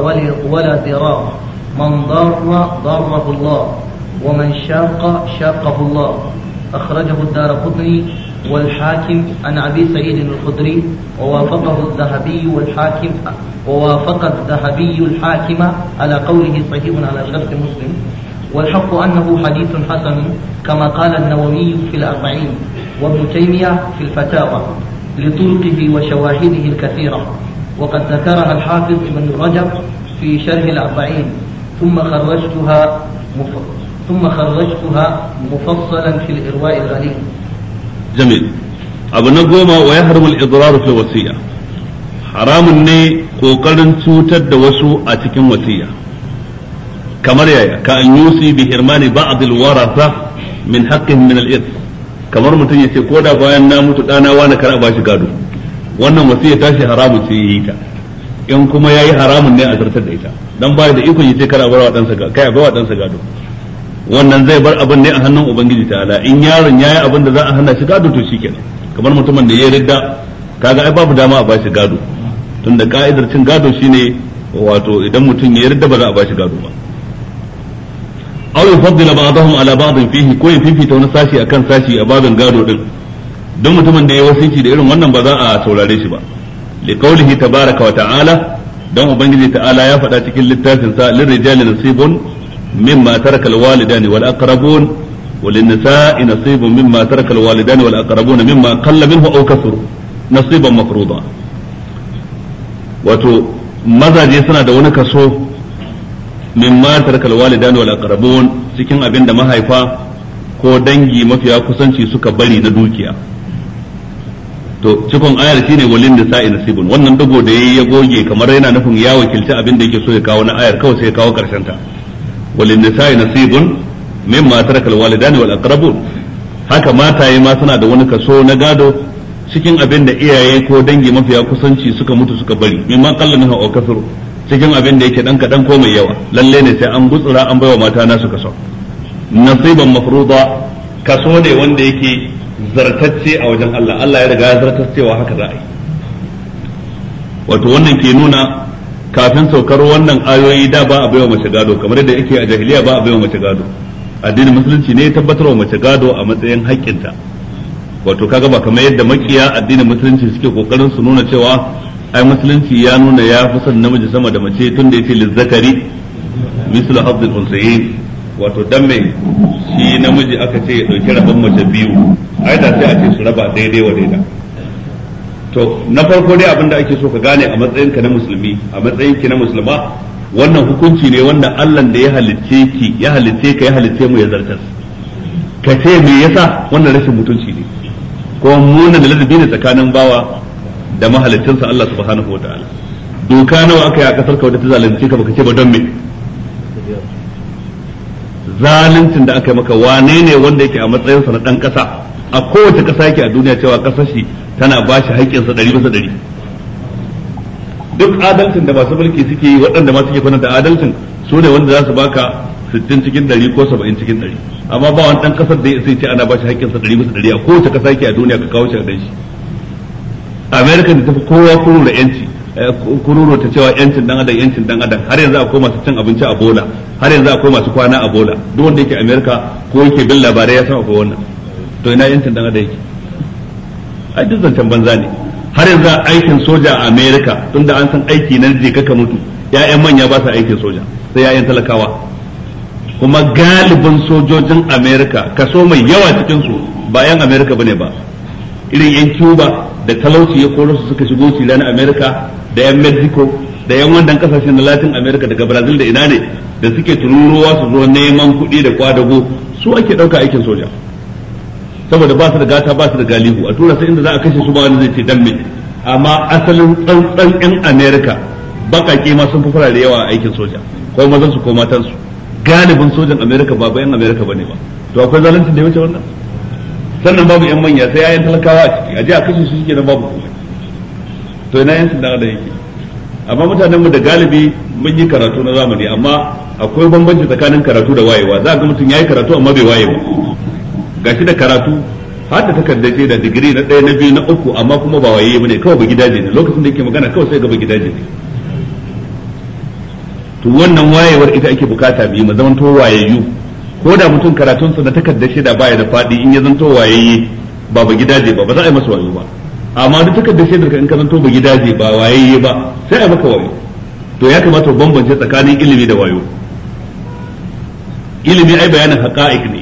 ولا ضرار من ضر ضره الله ومن شاق شاقه الله أخرجه الدار قطني والحاكم عن أبي سعيد الخدري ووافقه الذهبي والحاكم ووافق الذهبي الحاكم على قوله صحيح على شرط مسلم والحق أنه حديث حسن كما قال النووي في الأربعين وابن تيمية في الفتاوى لطرقه وشواهده الكثيرة وقد ذكرها الحافظ ابن رجب في شرح الأربعين ثم خرجتها ثم خرجتها مفصلا في الإرواء الغني جميل abu na goma wa ya haramul idraru fi wasiya haramun ne kokarin cutar da wasu a cikin wasiya kamar yaya ka an yusi bi hirmani ba'd al waratha min haqqihim min al irth kamar mutum ya ce ko da bayan na mutu dana wani kar a bashi gado wannan wasiya ta shi haramun sai yi ta in kuma yayi haramun ne a zartar da ita dan ba da iko yace kar a bar wa dan sa kai a bar wa dan sa gado wannan zai bar abin ne a hannun ubangiji ta'ala in yaron yayi abin da za a hana shi gado to shikenan kamar mutumin da ya ridda kaga ai babu dama a bashi gado tunda ka'idar cin gado shine wato idan mutum ya ridda ba za a bashi gado ba aw yufaddila ba'dahum ala ba'd fihi ko ya fifita wani sashi akan sashi a babin gado din don mutumin da ya wasiki da irin wannan ba za a saurare shi ba li qawlihi tabaaraka wa ta'ala dan ubangiji ta'ala ya faɗa cikin littafin sa lirrijali nasibun مما ترك الوالدان wal وللنساء نصيب مما ترك الوالدان والأقربون مما قل منه أو كثر نصيبا مفروضا وتو ماذا suna da wani kaso min matar kalwalidan wal aqrabun cikin abin da mahaifa ko dangi mafiya kusanci suka bari na dukiya to cikon ayar shine walin da sa'i nasibun wannan dugo da yayi ya goge kamar yana nufin ya wakilci abin da yake so ya kawo na ayar kawai sai ya kawo karshen ta وللنساء نصيب مما ترك الوالدان والأقربون haka mata yi ma suna da wani kaso na gado cikin abin da iyaye ko dangi mafiya kusanci suka mutu suka bari ma kalla na hawa kafin cikin abin da yake dan kadan ko mai yawa lalle ne sai an gutsura an baiwa mata nasu kaso nasiban mafruda kaso ne wanda yake zartacce a wajen Allah Allah ya riga ya zartacce wa haka za yi wato wannan ke nuna kafin saukar wannan ayoyi da ba a baiwa mace gado kamar yadda yake a jahiliya ba a baiwa mace gado addinin musulunci ne tabbatar wa mace gado a matsayin haƙƙinta wato kaga ba kamar yadda makiya addinin musulunci suke kokarin su nuna cewa ai musulunci ya nuna ya fi son namiji sama da mace tun da yake lizzakari mislu hazzul unsayin wato dan mai shi namiji aka ce ya dauki rabon mace biyu ai da sai a ce su raba daidai wa daidai to na farko dai abin da ake so ka gane a matsayin ka na musulmi a matsayin ki na musulma wannan hukunci ne wanda Allah da ya halitte ki ya halitte ka ya halitte mu ya zartar ka ce me yasa wannan rashin mutunci ne ko muna da ladabi ne tsakanin bawa da mahalicinsa Allah subhanahu wataala doka nawa aka yi a kasar ka wadda ta zalunce ka baka ce ba don me zaluncin da aka yi maka wane ne wanda yake a matsayinsa na dan kasa a kowace kasa yake a duniya cewa kasar shi tana ba shi haƙƙinsa ɗari bisa ɗari duk adalcin da masu mulki suke yi waɗanda ma suke da adalcin su ne wanda za su baka sittin cikin ɗari ko saba'in cikin ɗari amma ba wani ɗan ƙasar da ya sai ce ana ba shi haƙƙinsa ɗari bisa ɗari a kowace ƙasa yake a duniya ka kawo shi a ɗan shi america da tafi kowa kururu da yanci eh, kururu ta cewa yancin dan adam yancin dan adam har yanzu akwai masu cin abinci a bola har yanzu akwai masu kwana a bola duk wanda yake Amerika ko yake bin labarai ya san akwai wannan to ina yancin dan adam yake ai duk zancen banza ne har yanzu aikin soja a America tunda an san aiki na je kaka mutu ya'yan manya ba sa aikin soja sai ya'yan talakawa kuma galibin sojojin America kaso mai yawa cikin su ba yan America bane ba irin yan Cuba da talauci ya koro su suka shigo Chile na America da yan Mexico da yan wannan kasashen na Latin America daga Brazil da ina ne da suke tururuwa su zo neman kuɗi da kwadago su ake ɗauka aikin soja saboda ba su da gata ba su da galihu a tura sai inda za a kashe su ba wani zai ce damme amma asalin tsantsan yan america bakake ma sun fi farare yawa a aikin soja ko mazan su ko matan su galibin sojan america ba bayan america bane ba to akwai zalunci da ya wuce wannan sannan babu yan manya sai yayin talakawa a ciki a je a kashe su shike nan babu komai to ina yan sanda da yake amma mutanen mu da galibi mun yi karatu na zamani amma akwai bambanci tsakanin karatu da wayewa za ga mutum yayi karatu amma bai waye ba gashi da karatu har da takarda ce da digiri na ɗaya na biyu na uku amma kuma ba waye bane kawai ba gidaje ne lokacin da yake magana kawai sai ga ba gidaje ne to wannan wayewar ita ake bukata biyu mu zaman to wayayyu ko da mutum karatunsa na takarda ce da baya da faɗi in ya zanto wayayye ba ba gidaje ba ba za a yi masa wayo ba amma duk takardar shaidar ka in ka zanto ba gidaje ba wayayye ba sai a maka wayo to ya kamata bambance tsakanin ilimi da wayo ilimi ai bayanin haqa'iq ne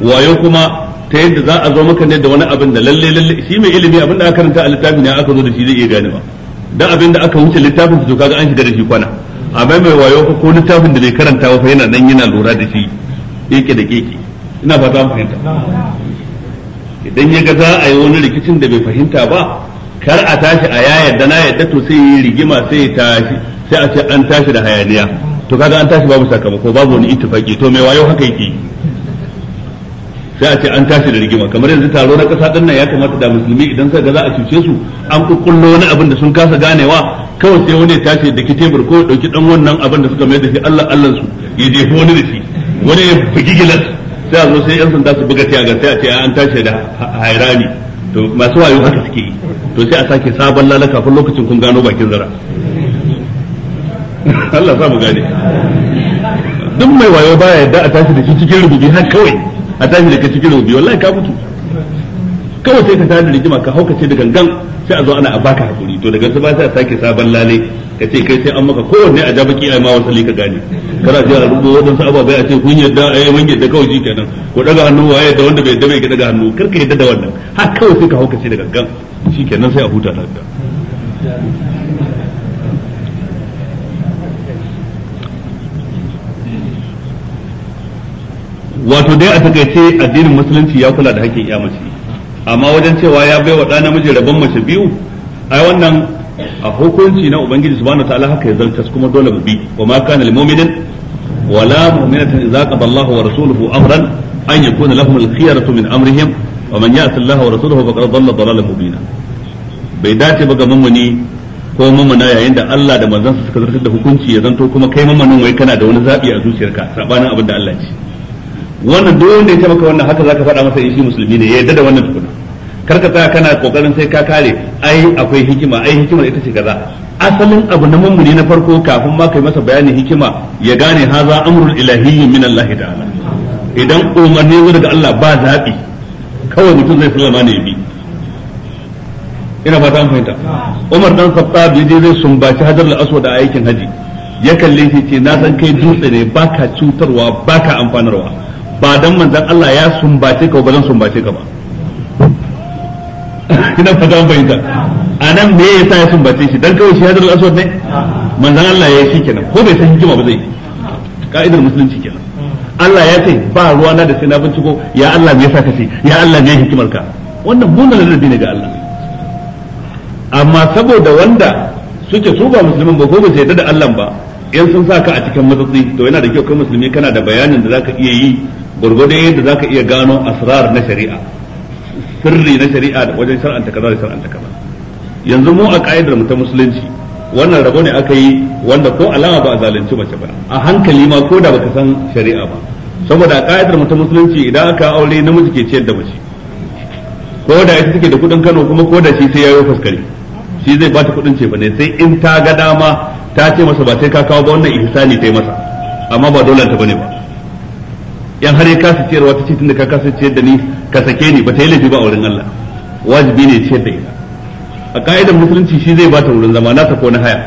wayo kuma ta yadda za a zo maka ne da wani abin da lalle lalle shi mai ilimi abin da aka karanta a littafin ne aka zo da shi zai iya ba dan abin da aka wuce littafin to kaga an shiga da shi kwana amma mai wayo ko littafin da bai karanta ba yana nan yana lura da shi keke da keke ina fata an fahimta idan ya ga za a yi wani rikicin da bai fahimta ba kar a tashi a ya yadda na yadda to sai yi rigima sai ya tashi sai a ce an tashi da hayaniya to kaga an tashi babu sakamako babu wani ittifaki to mai wayo haka yake sai a ce an tashi da rigima kamar yanzu taro na kasa din nan ya kamata da musulmi idan sai ga za a cuce su an kukkullo wani abin da sun kasa ganewa kawai sai wani ya tashi da kitebur ko dauki dan wannan abin da suka mai da shi Allah Allah su ya je wani da shi wani ya bugi gilas sai a zo sai yan sanda su buga ga sai a ce an tashi da hairani to masu wayo haka suke yi to sai a sake sabon lala kafin lokacin kun gano bakin zara Allah sa mu gane duk mai wayo baya yadda a tashi da shi cikin rubuji har kawai a tashi da ka cikin rubi wallahi ka mutu kawai sai ka tare da rigima ka haukace da gangan sai a zo ana a baka hakuri to daga su ba sai a sake sabon lale ka ce kai sai an maka kowanne a jabaki a ma wasali ka gane kana ji a rubo wadansu ababai a ce kun yadda a eh, yi mun yadda kawai ji nan, ko daga hannu wa yadda wanda bai yadda bai daga hannu kar ka yadda da wannan har kawai sai ka haukace da gangan shikenan sai a huta ta wato dai a takaice addinin musulunci ya kula da hakkin iya mace amma wajen cewa ya wa ɗa namiji rabon mace biyu ai wannan a hukunci na ubangiji subhanahu ta'ala haka ya zartas kuma dole mu bi wa ma kana lil mu'minin wala mu'minatin idza qada Allahu wa rasuluhu amran an yakuna lahum al khiyaratu min amrihim wa man ya'ti Allah wa rasuluhu faqad dhalla dhalalan mubina bai dace ba ga mummuni ko mamana yayin da Allah da manzansa suka zartar da hukunci ya zanto kuma kai mamanin wai kana da wani zabi a zuciyarka sabanin abin da Allah ce wannan duk wanda ya taimaka wannan haka zaka faɗa masa shi musulmi ne ya yarda da wannan tukuna kar ka tsaya kana kokarin sai ka kare ai akwai hikima ai hikima ita ce kaza asalin abu na mummuni na farko kafin ma kai masa bayanin hikima ya gane haza amrul ilahiyyi min Allah ta'ala idan umarni zuwa daga Allah ba zaɓi kawai mutum zai sallama ne bi ina fata an fahimta Umar dan Khattab ya je zai sumbaci Hajar al-Aswad a aikin haji ya kalle shi ce na san kai dutse ne baka cutarwa baka amfanarwa ba dan manzon Allah ya sumbace ka ba zan sumbace ka ba ina fata ban fahimta anan me yasa ya sumbace shi dan kawai shi al aswad ne manzon Allah ya yi shi kenan ko bai san hikima ba zai ka'idar musulunci kenan Allah ya ce ba ruwa na da sai na binciko ya Allah me yasa kace ya Allah me hikimar ka wannan munan da ne ga Allah amma saboda wanda suke su ba musulmin ba ko ba su yarda da Allah ba in sun sa ka a cikin matsatsi to yana da kyau kai musulmi kana da bayanin da zaka iya yi gurgurdan yadda zaka iya gano asrar na shari'a sirri na shari'a da wajen shar'anta kaza da shar'anta kaza yanzu mu a ka'idar mu ta musulunci wannan rabo ne aka yi wanda ko alama ba a zalunci mace ba a hankali ma ko da baka san shari'a ba saboda a ka'idar mu ta musulunci idan aka aure namiji ke ciyar da mace ko da ita take da kudin Kano kuma ko da shi sai yayo faskari shi zai bata kudin ce ne sai in ta ga dama ta ce masa ba sai ka kawo ba wannan ihsani ta yi masa amma ba dole ta bane ba yan har ya kasa ciyarwa ta ce tunda ka kasa ciyar da ni ka sake ni ba ta yi laifi ba a wurin Allah wajibi ne ciyar da ita a ka'idar musulunci shi zai bata wurin zama nasa ko na haya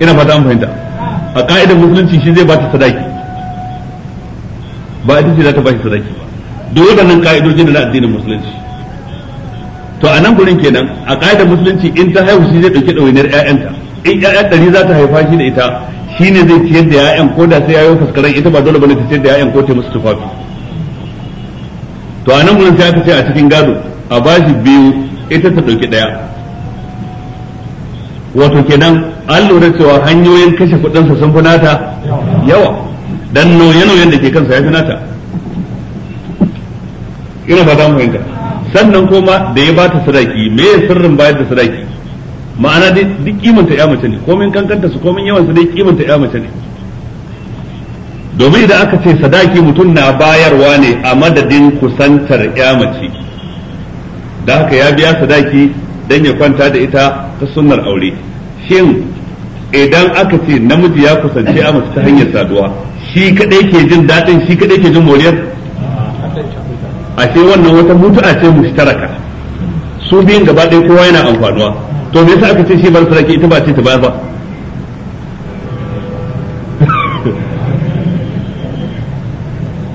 ina fata an fahimta a ka'idar musulunci shi zai bata sadaki ba ita ce za ta bashi sadaki ba duk waɗannan ka'idojin da na addinin musulunci to a nan gurin kenan a ƙa'idar musulunci in ta haihu shi zai ɗauki ɗawainiyar 'ya'yanta in 'ya'yan ɗari za ta haifa shi da ita shi ne zai ciyar da 'ya'yan ko da sai ya yi faskaran ita ba dole bane ta ciyar da 'ya'yan ko ta musu tufafi to a nan gurin sai aka ce a cikin gado a bashi biyu ita ta ɗauki ɗaya wato kenan an lura cewa hanyoyin kashe kuɗinsa sun fi nata yawa dan nauye-nauyen da ke kansa ya fi nata ina ba za mu yanka sannan kuma da ya bata sadaki me ya sirrin bayar da sadaki ma'ana dai duk kimanta ya mace ne komin kankanta su komin yawan su dai kimanta ya mace ne domin idan aka ce sadaki mutum na bayarwa ne a madadin kusantar ya mace da haka ya biya sadaki dan ya kwanta da ita ta sunnar aure shin idan aka ce namiji ya kusance ya mace ta hanyar saduwa shi kadai ke jin daɗin shi kadai ke jin moriyar a ce wannan wata mutu'a ce mushtaraka su biyun gaba ɗaya kowa yana amfanuwa to me yasa aka ce shi bar sadaki ita ba ce ta bayar ba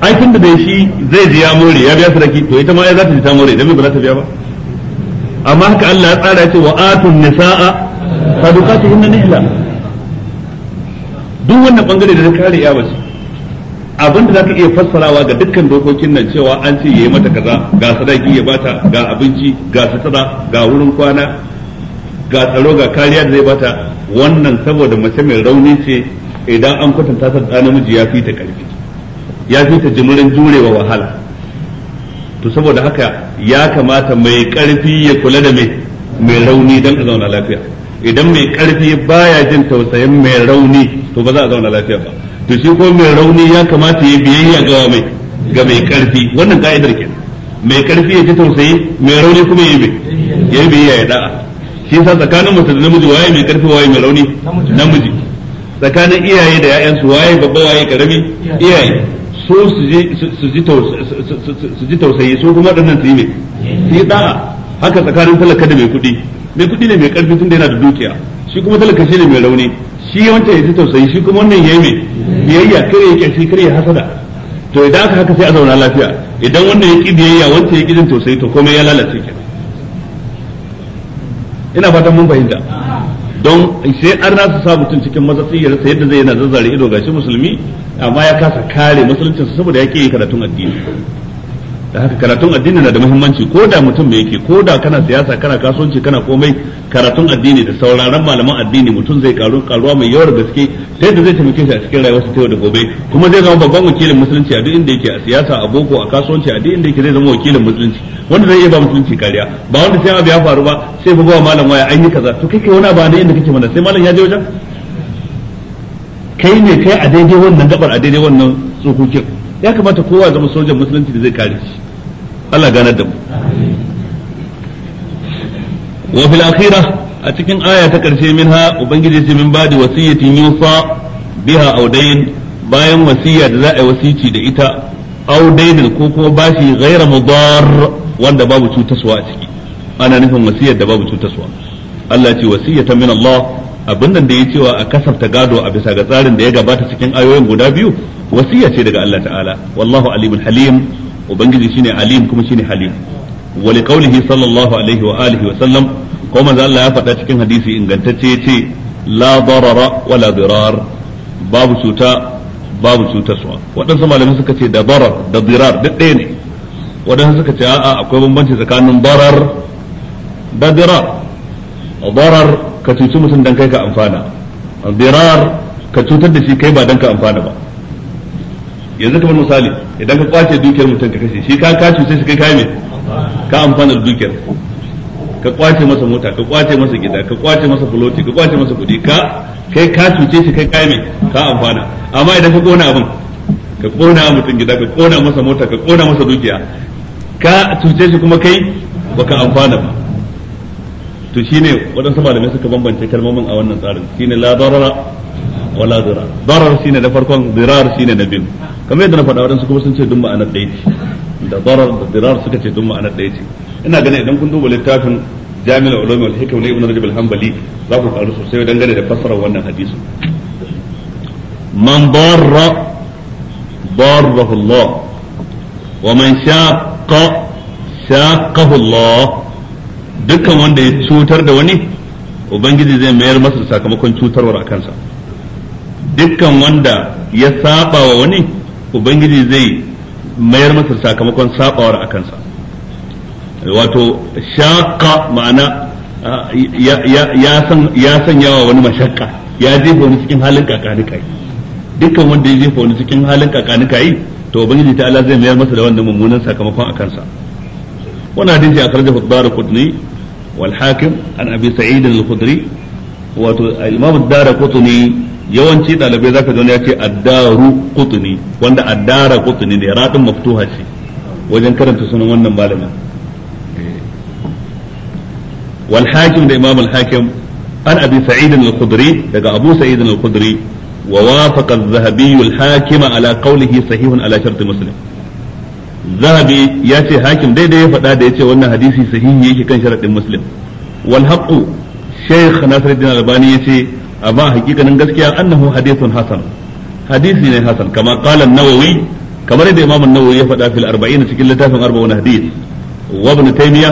aikin da da shi zai ji ya more ya biya sadaki to ita ma ya za ta ji ta more dan ba za ta biya ba amma haka Allah ya tsara ce wa atun nisaa sadaqatuhunna nihla duk wannan bangare da kare ya bace abin da zaka iya fassarawa ga dukkan dokokin nan cewa an ce yayi mata kaza ga sadaki ya bata ga abinci ga sutura ga wurin kwana ga tsaro ga kariya da zai bata wannan saboda mace mai rauni ce idan an kwatanta ta da namiji ya fi ta karfi ya fi ta jimirin jurewa wahala to saboda haka ya kamata mai karfi ya kula da mai mai rauni dan a zauna lafiya idan mai karfi baya jin tausayin mai rauni to ba za a zauna lafiya ba to shi ko mai rauni ya kamata ya biyayya ga mai ga mai karfi wannan ka'idar kenan mai karfi ya ci tausayi mai rauni kuma ya yi ya yi biyayya ya da'a shi yasa tsakanin mace da namiji waye mai karfi waye mai rauni namiji tsakanin iyaye da ƴaƴansu waye babba waye karami iyaye su su ji tausayi su kuma ɗannan su yi mai su yi da'a haka tsakanin talaka da mai kuɗi mai kuɗi ne mai karfi tun da yana da dukiya shi kuma talaka shi ne mai rauni shi wancan ya ji tausayi shi kuma wannan ya yi mai biyayya kare ya kyashi kare ya hasada to idan aka haka sai a zauna lafiya idan wanda ya ki biyayya wanda ya ki jin tausayi to komai ya lalace kenan ina fatan mun fahimta don sai an rasa sa mutum cikin matsatsi yadda zai yana zazzare ido gashi musulmi amma ya kasa kare musuluncinsa saboda ya ke karatun addini da haka karatun addini na da muhimmanci ko da mutum mai yake ko da kana siyasa kana kasuwanci kana komai karatun addini da sauraron malaman addini mutum zai karu karuwa mai yawar gaske ta yadda zai taimake shi a cikin rayuwarsa ta yau da gobe kuma zai zama babban wakilin musulunci a duk inda yake a siyasa a boko a kasuwanci a duk inda yake zai zama wakilin musulunci wanda zai iya ba musulunci kariya ba wanda sai abu ya faru ba sai ba ba malam waya an yi kaza to kake wani abu ne inda kake mana sai malam ya je wajen kai ne kai a daidai wannan gabar a daidai wannan tsokokin ya kamata kowa zama sojan musulunci da zai kare shi Allah ganar da mu wa fil akhira a cikin aya ta karshe minha ubangiji ce min badi wasiyatin yusa biha audain bayan wasiya da za a yi wasici da ita audain ko kuma bashi ghaira mudar wanda babu cutaswa a ciki ana nufin wasiyar da babu cutaswa Allah ce wasiyatan min Allah abin da ya cewa a kasafta gado a bisa ga tsarin da ya gabata cikin ayoyin guda biyu wasiya ce daga Allah ta'ala wallahu alimul halim ubangiji shine alim kuma shine halim wa qawlihi sallallahu alaihi wa alihi wa sallam ko manzo Allah ya faɗa cikin hadisi ingantacce yace la darara wa la dirar babu cuta babu cutarwa waɗansu malamai suka ce da darar da dirar duk ɗaya ne waɗansu suka ce a'a akwai bambanci tsakanin darar da dirar darar ka cuci mutum dan kai ka amfana dirar ka cutar da shi kai ba dan ka amfana ba yanzu kamar misali idan ka kwace dukiyar mutum ka kashe shi ka ka sai ka kai kai me ka amfana da dukiyar ka kwace masa mota ka kwace masa gida ka kwace masa fuloti ka kwace masa kudi ka kai ka cuce shi kai kai me ka amfana amma idan ka kona abin ka kona mutum gida ka kona masa mota ka kona masa dukiya ka cuce shi kuma kai baka amfana ba to shine waɗansu malamai suka bambance kalmomin a wannan tsarin shine la darara wala dirar darar shine na farkon dirar shine na biyu kamar yadda na faɗa waɗansu kuma sun ce dun ma'anar ɗaya ce da darar da dirar suka ce dun ma'anar ɗaya ce ina ganin idan kun duba littafin jami'ul ulum wal hikam na ibn rajab al hanbali za ku karu sosai gane da fassarar wannan hadisi man darra darrahu Allah wa man shaqqa shaqahu Allah dukkan wanda ya cutar da wani ubangiji zai mayar masa sakamakon cutarwar a kansa dukkan wanda ya saba wa wani ubangiji zai mayar masa sakamakon sabawar a kansa wato shaka ma'ana ya sanya wa wani mashakka ya jefa wani cikin halin yi dukkan wanda ya jefa wani cikin halin yi to ubangiji ta Allah zai mayar masa da wannan mummunan sakamakon a kansa wannan hadisi a hudbar Darqutni wal Hakim an Abi Sa'id al-Khudri wato al-Imam Darqutni yawanci dalibai zaka ji ya ce addaru qutni wanda addara qutni ne radin maftuha ce wajen karanta sunan wannan malamin wal hakim da imam al hakim an abi sa'id al khudri daga abu sa'id al khudri wa wafaqa al zahabi al hakim ala qawlihi sahihun ala shart muslim zahabi ya ce hakim daidai ya faɗa da ya ce wannan hadisi sahihi yake kan sharadin muslim wal haqqu shaykh nasiruddin albani ya ce amma hakikanin gaskiya annahu hadithun hasan hadisi ne hasan kama qala an-nawawi kamar yadda imam an-nawawi ya faɗa fil 40 cikin littafin 40 hadith wa ibn taymiya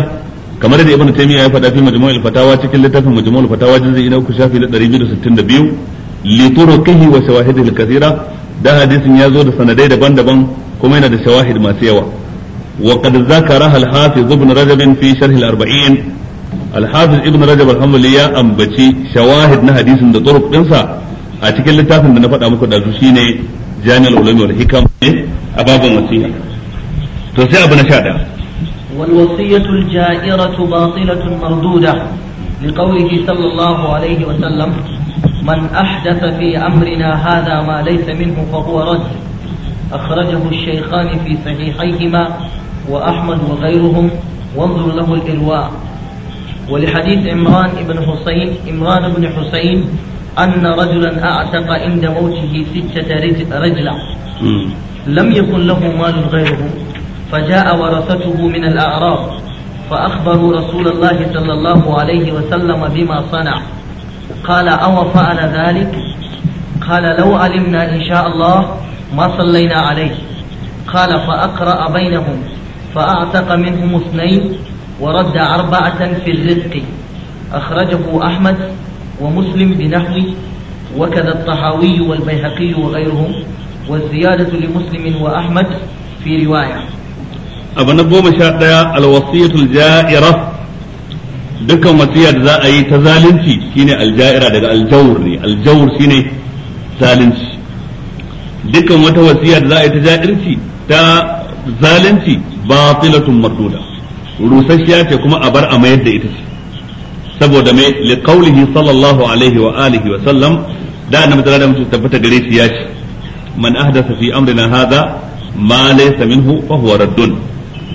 kamar yadda ibn taymiya ya faɗa fi majmu' al-fatawa cikin littafin majmu' al-fatawa juz'i na uku shafi na 262 li turuqihi wa shawahidihi al-kathira da hadisin ya zo da sanadai daban-daban kuma yana da shawahid masu yawa وقد ذكرها الحافظ ابن رجب في شرح الأربعين al-hafiz ibn rajab al ya ambaci shawahid na hadisin da turuq dinsa a cikin littafin da na faɗa muku da su shine jami'ul ulumi wal hikam ne a babin wasiya to sai abu na 11 والوصية الجائرة باطلة مردودة لقوله صلى الله عليه وسلم من أحدث في أمرنا هذا ما ليس منه فهو رد أخرجه الشيخان في صحيحيهما وأحمد وغيرهم وانظر له الإلواء ولحديث إمران بن حسين إمران بن حسين أن رجلا أعتق عند موته ستة رجلا لم يكن له مال غيره فجاء ورثته من الأعراب فأخبروا رسول الله صلى الله عليه وسلم بما صنع قال أو فعل ذلك قال لو علمنا إن شاء الله ما صلينا عليه قال فأقرأ بينهم فأعتق منهم اثنين ورد أربعة في الرزق أخرجه أحمد ومسلم بنحوه وكذا الطحاوي والبيهقي وغيرهم والزيادة لمسلم وأحمد في رواية أبو نبو مشاهدة الوصية الجائرة دكا وصية جزاء أي تزالنتي سيني الجائرة دكا الجور الجور سيني تزالنتي دكا وصية جزاء تزالنتي تزالنتي باطلة مردودة rusasshiya ce kuma a bar a mayar da ita ce saboda mai liqaulihi sallallahu alaihi wa alihi wa sallam da annabi da mutum tabbata gare shi ya ce man ahdasa fi amrina hadha ma laysa minhu fa huwa raddun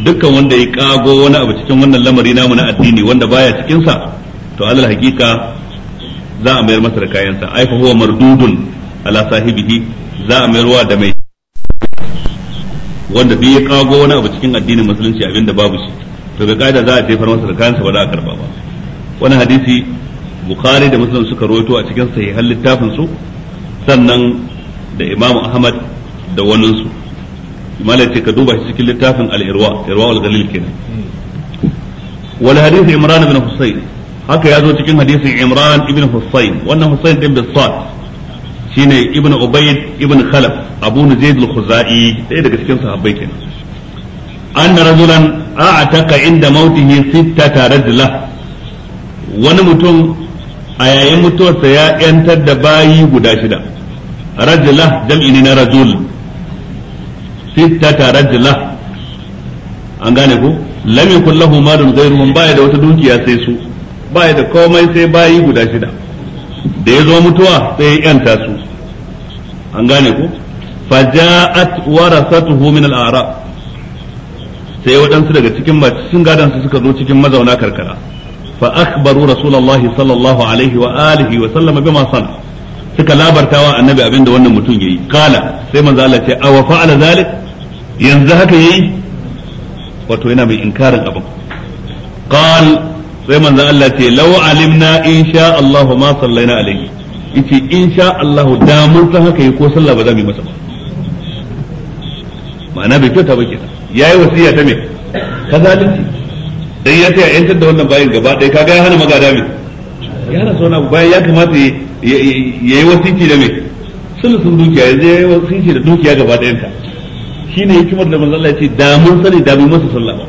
dukkan wanda ya kago wani abu cikin wannan lamari namu na addini wanda baya cikin sa to alal hakika za a mayar masa da kayansa ai fa huwa mardudun ala sahibihi za a mayarwa da mai wanda duk kago wani abu cikin addinin musulunci abinda babu shi to ga kaida za a jefar masa da kayansa ba za a karba ba wani hadisi bukhari da muslim suka rawaito a cikin sahihan littafin su sannan da imamu ahmad da waninsu malai ce ka duba shi cikin littafin al-irwa irwa al-galil kenan wal hadith imran ibn husayn haka ya zo cikin hadisin imran ibn husayn wannan husayn din bisat shine ibn ubayd ibn khalaf abu nujayd al-khuzai ɗaya daga cikin sahabbai kenan anna rajulan a'taka inda mautihi sittata rajula wani mutum a yayin mutuwarsa ya yantar da bayi guda shida rajula jam'i na rajul sittata rajula an gane ko lam yakul lahu malun ghayruhum baya da wata dukiya sai su baya da komai sai bayi guda shida da ya zo mutuwa sai ya yanta su an gane ko faja'at warasatuhu min al-a'rab sai waɗansu daga cikin masu gadon su suka zo cikin mazauna karkara fa akhbaru rasulullahi sallallahu alaihi wa alihi wa sallama bima san suka labarta labartawa annabi abinda wannan mutum yayi kala sai manzo Allah ce aw fa'ala zalik yanzu haka yayi wato yana mai inkarin abin qal sai manzo Allah ce law alimna insha Allah ma sallaina alaihi yace insha Allah da mun san haka yi ko sallah ba za mu yi masa ba ma'ana bai kyauta ba kenan Ya yi wasiya ta me ta zalunci dan ya ce a yantar da wannan bayan gaba ɗaya kaga ya hana magada mai ya hana sauna bayan ya kamata ya yi wasiki da suna sulusun dukiya yanzu ya yi wasiki da dukiya gaba Shi ne hikimar da manzo ya ce damun sani damun mun masa sallah ba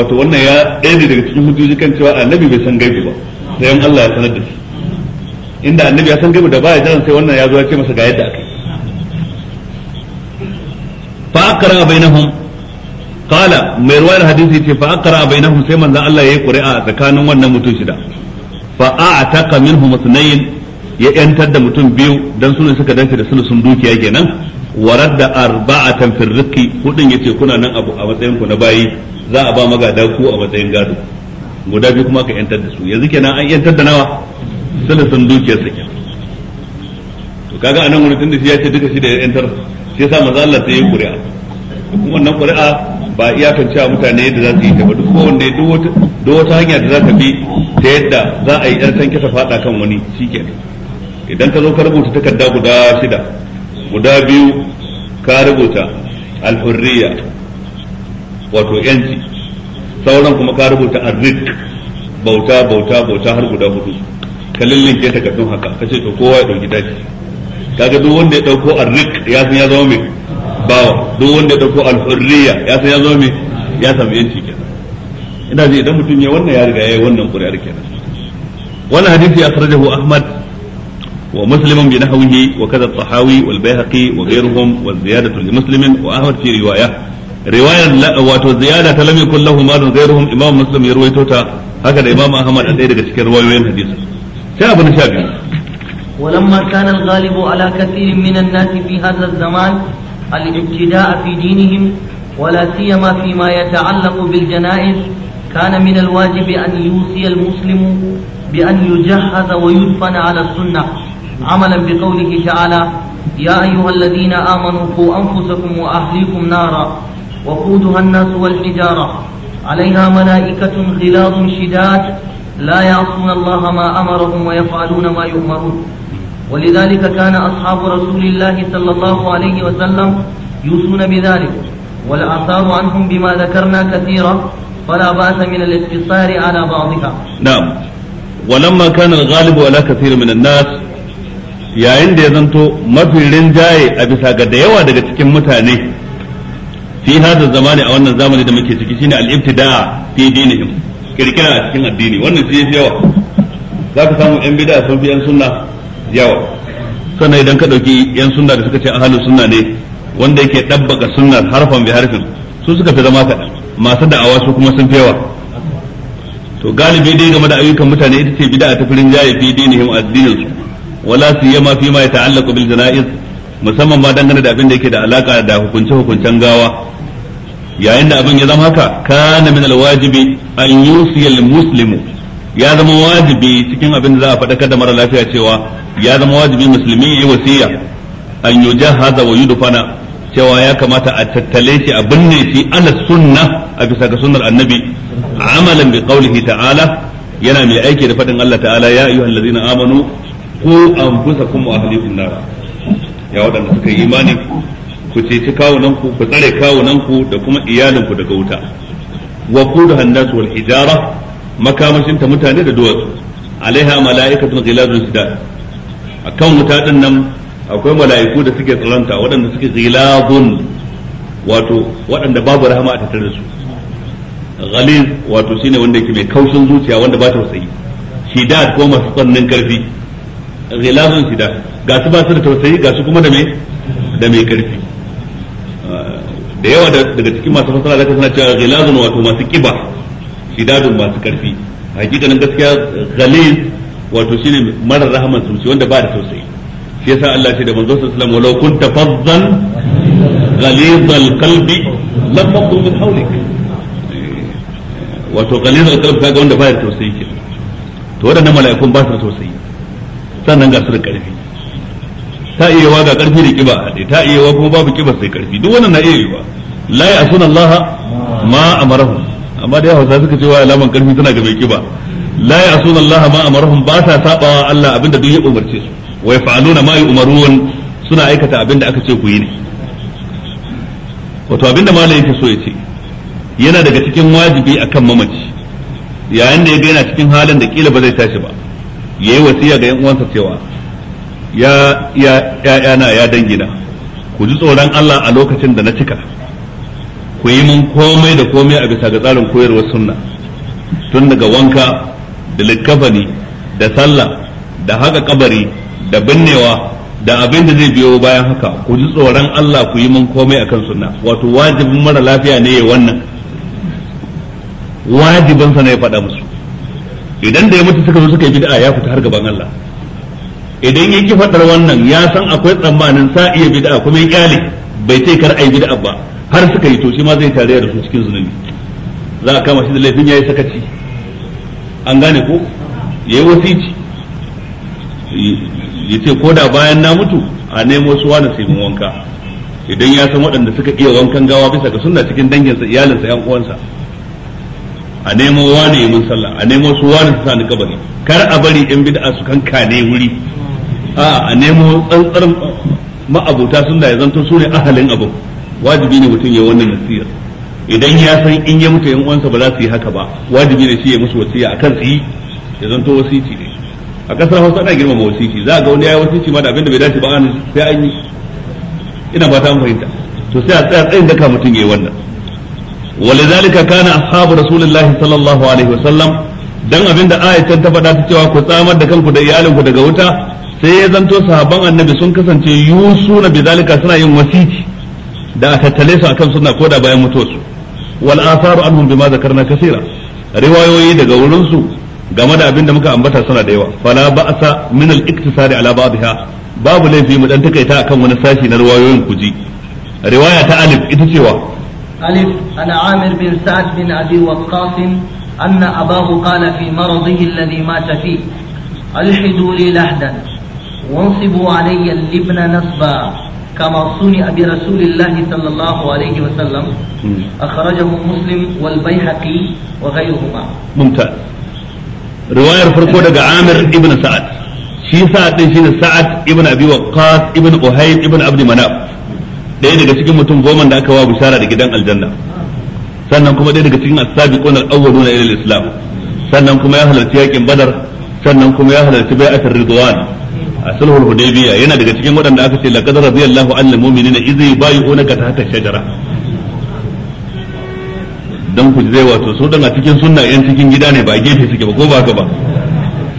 wato wannan ya ɗaya daga cikin hujjoji kan cewa annabi bai san gaibi ba sai an Allah ya sanar da shi inda annabi ya san gaibi da baya jiran sai wannan ya zo ya ce masa ga yadda yi. fa akara bainahum kala mai ruwayar hadisi ce fa aqra bainahum sai manzon Allah yayi qur'a tsakanin wannan mutum shida fa a'taqa minhum ithnayn ya yantar da mutum biyu dan suka da dukiya kenan waradda arba'atan fil yace kuna nan abu a matsayin ku na bayi za a ba magada ku a matsayin gado guda kuma kaga anan wani tunda shi ya ce duka shi da yantar shi yasa manzo Allah sai ƙuri'a wannan ƙuri'a ba iyakan cewa mutane yadda za su yi ta ba duk kowanne duk wata hanya da za ta bi ta yadda za a yi yar tanke ta fada kan wani shikenan idan ka zo ka rubuta takarda guda shida guda biyu ka rubuta alhurriya wato yanci sauran kuma ka rubuta arzik bauta bauta bauta har guda hudu ka lillinke takardun haka kace to kowa ya dauki daji kaga duk wanda ya dauko arrik ya san ya zama mai bawa duk wanda ya dauko alhurriya ya san ya zama mai ya samu yanci kenan ina ji idan mutum ya wannan ya riga yayi wannan kenan wannan hadisi akhrajahu ahmad ومسلم بنحوه وكذا الطحاوي والبيهقي وغيرهم والزيادة لمسلم وأحمد في رواية رواية لا وزيادة لم يكن له مال غيرهم إمام مسلم ولما كان الغالب على كثير من الناس في هذا الزمان الابتداء في دينهم ولا سيما فيما يتعلق بالجنائز كان من الواجب أن يوصي المسلم بأن يجهز ويدفن على السنة عملا بقوله تعالى يا أيها الذين آمنوا قوا أنفسكم وأهليكم نارا وقودها الناس والحجارة عليها ملائكة غلاظ شداد لا يعصون الله ما أمرهم ويفعلون ما يؤمرون ولذلك كان أصحاب رسول الله صلى الله عليه وسلم يوصون بذلك والآثار عنهم بما ذكرنا كثيرة فلا بأس من الاقتصار على بعضها نعم ولما كان الغالب على كثير من الناس yayin da ya zanto mafi rinjaye a bisa ga da yawa daga cikin mutane fi hada zamani a wannan zamani da muke ciki shine al-ibtida fi dinihim kirkira a cikin addini wannan shi yawa zaka samu yan bid'a sun fi yan sunna yawa sannan idan ka ɗauki yan sunna da suka ce ahalin sunna ne wanda yake dabbaka sunnar harfan bi harfin su suka fi zama kaɗan masu da'awa su kuma sun fewa to galibi dai game da ayyukan mutane ita ce bid'a ta firin jaye fi dinihim addinin su wala siyama fi ma yata'allaqu bil jana'iz musamman ma dangane da abin da yake da alaka da hukunce hukuncen gawa yayin da abin ya zama haka kana min alwajibi an yusiyal muslimu ya zama wajibi cikin abin da za a faɗakar da mara lafiya cewa ya zama wajibi musulmi ya yi wasiya an yujahaza wa yudfana cewa ya kamata a tattale shi a binne shi ala sunna a bisa ga sunnar annabi amalan bi qaulihi ta'ala yana mai aiki da faɗin Allah ta'ala ya ayyuhal ladzina amanu qu anfusakum wa ahlikum nar ya waɗanda suka yi imani ku ceci kawunan ku ku tsare kawunan ku da kuma iyalinku daga wuta wa qudaha an-nas wal hijara makamashin ta mutane da duwatsu alaiha mala'ikatun ghilazun shidad akan wuta din nan akwai mala'iku da suke tsaronta waɗanda suke ghilazun wato waɗanda babu rahama a tattare da su ghaliz wato shine wanda yake mai kaushin zuciya wanda ba ta tausayi shidad ko masu tsannin karfi ghilazun sida ga su ba su da tausayi ga su kuma da mai da mai karfi ah, da yawa daga cikin masu fasara zaka sanar cewa ghilazun wato masu kiba shidadun masu karfi hakikanin gaskiya ghaliz wato shine marar rahaman zuci wanda ba da tausayi shi yasa Allah ya ce da manzo sallallahu alaihi wasallam kunta fazzan ghaliz lam min hawlik eh, wato ghaliz kaga wanda ba da tausayi ke to wadannan mala'ikun ba su da tausayi sannan ga su da karfi ta iya ga karfi da kiba ta iya kuma babu kiba sai karfi duk wannan na iya yiwa la ma amarahum amma dai yawa suka ce wa alaman karfi tana ga mai kiba la ya'suna Allah ma amarahum ba ta sabawa Allah abinda duk ya umarce su wa yaf'aluna ma yu'marun suna aikata abinda aka ce ku yi ne wato abinda malai yake so ya ce yana daga cikin wajibi akan mamaci yayin da ya ga yana cikin halin da kila ba zai tashi ba yayi wasiya ga yan uwansa cewa ya ya ya ya dangina ku ji tsoron Allah a lokacin da na cika ku yi mun komai da komai a bisa ga tsarin koyarwar sunna tun daga wanka da likkafani da sallah da haka kabari da binnewa da abin da zai biyo bayan haka ku ji tsoron Allah ku yi mun komai akan sunna wato wajibin mara lafiya ne wannan wajibin sa ne ya faɗa musu idan da ya mutu suka zo suka yi bid'a ya fita har gaban Allah idan yake faɗar wannan ya san akwai tsammanin sa iya bid'a kuma ya kyale bai sai kar ai bid'a ba har suka yi to shi ma zai tarayya da su cikin zunubi za a kama shi da laifin yi sakaci an gane ko yayi wasici ce ko da bayan na mutu a nemo su wani sai mun wanka idan ya san waɗanda suka iya wankan gawa bisa ga sunna cikin danginsa iyalinsa yan uwansa a nemo wani yi mun sallah a nemo su wani su sani kabari kar a bari yan bid'a su kanka ne wuri a a nemo tsantsar ma'abuta sunna ya zanto su ne ahalin abu wajibi ne mutum ya wannan nasiyar idan ya san in ya mutu yan uwansa ba za su yi haka ba wajibi ne shi ya musu wasiya akan su yi ya zanto wasiki ne a kasar Hausa ana girmama wasiki za a ga wani yi wasiki ma da abinda bai dace ba an sai an yi ina ba an fahimta to sai a tsaya tsayin daka mutum ya yi wannan ولذلك كان أصحاب رسول الله صلى الله عليه وسلم dan abinda ayatan ta faɗa ta cewa ku tsamar da kanku da iyalinku daga wuta sai ya zanto sahabban annabi sun kasance yusuna bizalika suna yin wasiti da a tattale su akan suna koda bayan mutuwarsu wal atharu anhum bima zakarna kaseera riwayoyi daga wurin su game da abin da muka ambata suna da yawa fala ba'sa min al iktisari ala ba'dha babu laifi mu dan takaita akan wani sashi na riwayoyin kuji riwaya ta alif ita cewa alif ana amir bin sa'ad bin abi waqqas أن أباه قال في مرضه الذي مات فيه ألحدوا لي لحدا وانصبوا علي اللبن نصبا كما صنع برسول الله صلى الله عليه وسلم أخرجه مسلم والبيهقي وغيرهما ممتاز رواية فرقو عامر ابن سعد شي سعد شين سعد ابن أبي وقاص ابن أهيل ابن عبد مناف ɗaya daga cikin mutum goma da aka wa shara da gidan aljanna sannan kuma ɗaya daga cikin as-sabiquna al-awwaluna ila islam sannan kuma ya halarci yakin badar sannan kuma ya halarci bai'atar ridwan a sulhul hudaybiya yana daga cikin waɗanda aka ce laqad radiyallahu anil mu'minina idh yubayyi'unaka tahta shajara dan ku zai wato su dan a cikin sunna yan cikin gida ne ba gefe suke ba ko ba haka ba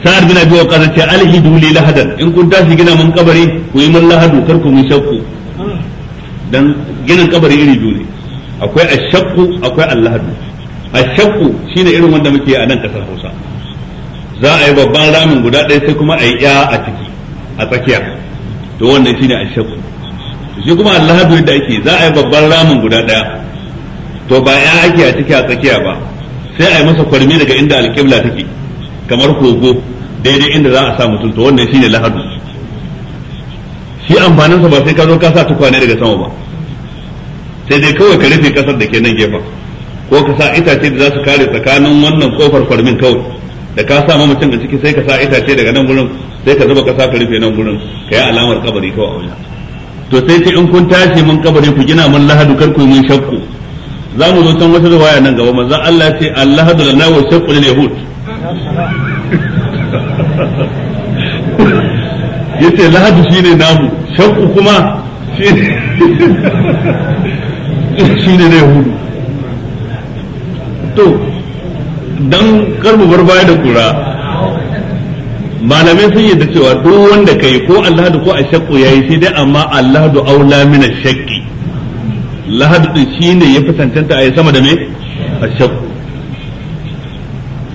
sa'ad bin abi waqas ce alhidu li lahadan in kun tashi gina mun kabari ku yi mun lahadu kar ku mun shakku dan ginin kabari iri biyu akwai ashakku akwai allahadu ashakku shine irin wanda muke a nan kasar Hausa za a yi babban ramin guda ɗaya sai kuma a yi ya a ciki a tsakiya to wannan shi shine to shi kuma allahadu da ake za a yi babban ramin guda daya to ba ya ake a ciki a tsakiya ba sai a yi masa kwarmi daga inda alƙibla take kamar kogo daidai inda za a sa mutum to wannan ne lahadu shi amfaninsa ba sai ka zo ka sa tukwane daga sama ba sai dai kawai ka rufe kasar da ke nan gefen ko ka sa itace da za su kare tsakanin wannan kofar kwarmin kawai da ka sa mutum a ciki sai ka sa itace daga nan gurin sai ka zuba kasa ka rufe nan gurin ka yi alamar kabari kawai a wajen to sai ce in kun tashi mun kabari ku gina mun lahadu kar ku mun shakku za mu zo can wata waya nan gaba manzon Allah ce allahadu lana wa shakku lil yahud yace lahadu shine namu shakku kuma shine shine ne yahudu to don karbu bar baya da kura malamai sun yadda cewa duk wanda kai ko allahadu ko ashaqu yayi sai dai amma allahadu aula min shakki lahadu din shine ya fi tantanta ayi sama da me shakku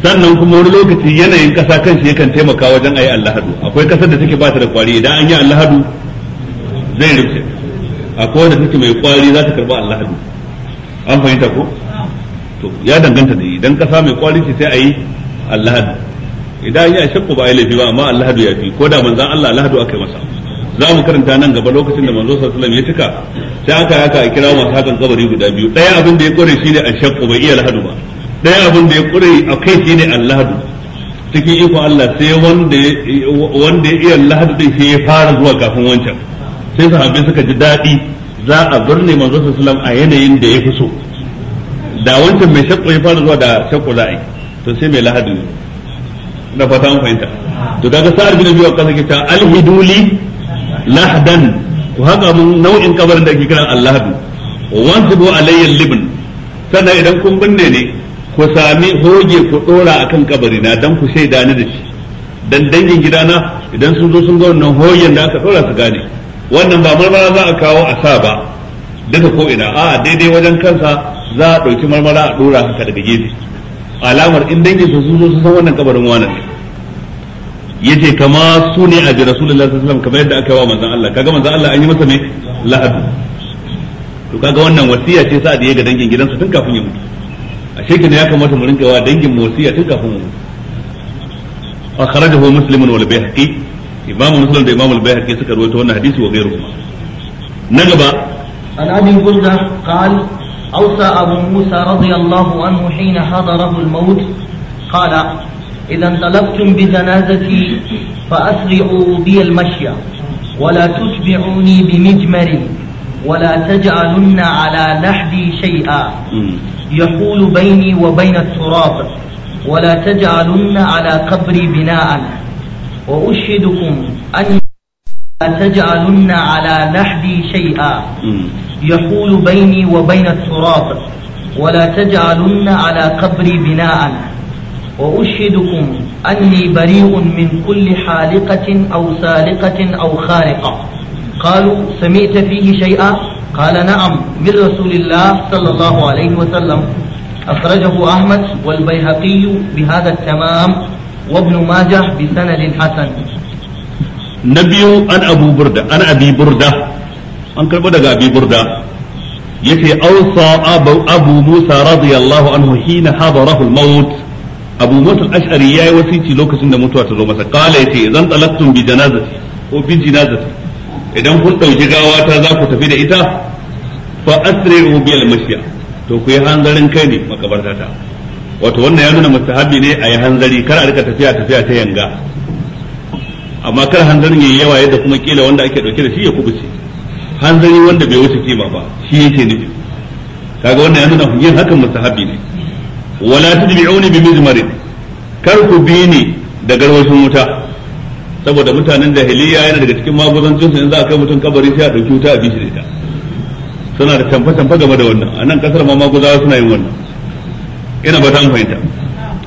sannan kuma wani lokaci yanayin kasa kan shi yakan taimaka wajen ayi allahadu akwai kasar da take ba ta da kwari idan an yi allahadu zai rufe akwai wanda take mai kwari za ta karba allahadu an fahimta ko to ya danganta da idan kasa mai kwalifi sai a yi allahadu idan ya shakku ba a laifi ba amma allahadu ya fi ko da manzan Allah allahadu aka masa za mu karanta nan gaba lokacin da manzo sallallahu ya cika sai aka yaka a kira masu hakan kabari guda biyu daya abin da ya kore shi a shakku bai iya lahadu ba daya abin da ya kure a kai ne allahadu cikin iko Allah sai wanda ya iya lahadu din sai ya fara zuwa kafin wancan sai sahabbai suka ji daɗi za a birne manzo sallallahu a yanayin da ya fi so da wancan mai shakko ya fara zuwa da shakku yi to sai mai lahadin na fata an fahimta to daga sa'ar bin biyu kasa ke ta alhiduli lahadan. ku haka mun nau'in kabarin da ake kiran allahadu a alayya libin sannan idan kun binne ne ku sami hoge ku a kan kabari na dan ku shaida ni da shi dan dangin na idan sun zo sun ga wannan hoyen da aka dora su gane wannan ba marmara za a kawo a sa ba Daga ko ina a'a daidai wajen kansa za a ɗauki marmara a ɗora haka daga gefe alamar in dangin su zo su san wannan kabarin wanan ce kama su ne a ji rasulullahi sallallahu alaihi kamar yadda aka yi wa manzan Allah kaga manzan Allah an yi masa mai la'adu to kaga wannan wasiya ce sa'ad ya ga dangin gidansa tun kafin ya mutu a shekin ya kamata mu rinka wa dangin mu wasiya tun kafin mu mutu akhrajahu muslimun wal bayhaqi imamu muslim da imamu al bayhaqi suka rawaito wannan hadisi wa gairu na gaba an abi burda qala أوصى أبو موسى رضي الله عنه حين حضره الموت قال إذا انطلقتم بجنازتي فأسرعوا بي المشي ولا تتبعوني بمجمر ولا تجعلن على لحدي شيئا يحول بيني وبين التراب ولا تجعلن على قبري بناء وأشهدكم أن لا تجعلن على لحدي شيئا يقول بيني وبين التراب ولا تجعلن على قبري بناء وأشهدكم أني بريء من كل حالقة أو سالقة أو خارقة قالوا سمعت فيه شيئا قال نعم من رسول الله صلى الله عليه وسلم أخرجه أحمد والبيهقي بهذا التمام وابن ماجه بسند حسن نبي أن أبو بردة أن أبي بردة an karbo daga abi burda yace awsa abu abu musa radiyallahu anhu hina hadarahu al-maut abu musa al-ash'ari yayi wasici lokacin da mutuwa ta zo masa kala yace idan talaqtum bi janazati ko bi janazati idan kun dauki gawa ta za ku tafi da ita fa asri'u al mashya to ku yi hanzarin kai ne makabarta ta wato wannan ya nuna mustahabi ne a yi hanzari kar a rika tafiya tafiya ta yanga amma kar hanzarin yayi yawa yadda kuma kila wanda ake dauke da shi ya kubuce hanzari wanda bai wuce kima ba shi yake nufi kaga wannan yana nuna yin hakan musahabi ne wala tudbi'uni bi mizmarin kar ku bi ni da garwashin wuta saboda mutanen jahiliya yana daga cikin maguzancinsu in za a kai mutum kabari sai a ɗauki wuta a bi shi da ita suna da tamfa tamfa game da wannan a nan kasar ma maguzawa suna yin wannan ina ba ta fahimta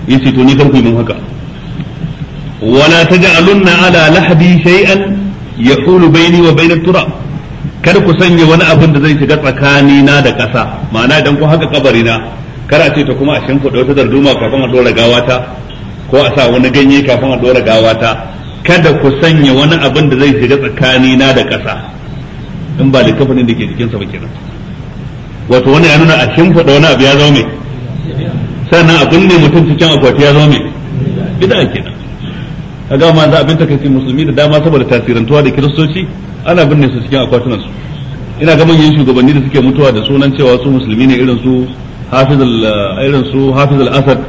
yi ce to ni kar ku yi mun haka wala taj'alunna ala lahdi shay'an yaqulu bayni wa bayna turab Kada ku sanya wani abin da zai shiga tsakani na da ƙasa ma'ana idan ku haka kabari na kar a ce ta kuma a shimfiɗa wata darduma kafin a ɗora gawata ko a sa wani ganye kafin a ɗora gawata kada ku sanya wani abin da zai shiga tsakani na da ƙasa in ba likafanin da ke jikinsa sa ba kenan wato wani ya nuna a shimfiɗa wani abu ya zo mai sannan a ne mutum cikin akwati ya zo mai bid'a kenan kaga ma za abin takaici musulmi da dama saboda tasirantuwa da kiristoci ana binne su cikin akwatunan su ina ga manyan shugabanni da suke mutuwa da sunan cewa su musulmi ne irin su hafiz al eh, irin su hafiz al asad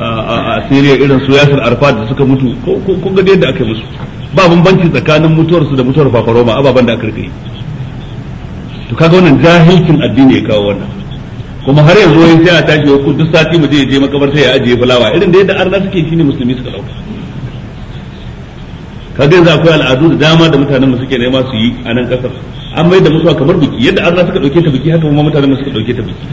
a Syria irin su Yasir arfad da suka mutu ko ga yadda aka musu ba bambanci tsakanin mutuwar su da mutuwar fafaroma ababan da aka rike to kaga wannan jahilcin addini ya kawo wannan kuma har yanzu wai sai a tashi ko duk sati mu je je makabarta ya ajiye fulawa irin da yadda arna suke shine musulmi suka dauka kaga yanzu akwai al'adu da dama da mutanen mu suke nema su yi a nan kasar an mai da musu kamar biki yadda arna suka dauke ta biki haka kuma mutanen mu suka dauke ta biki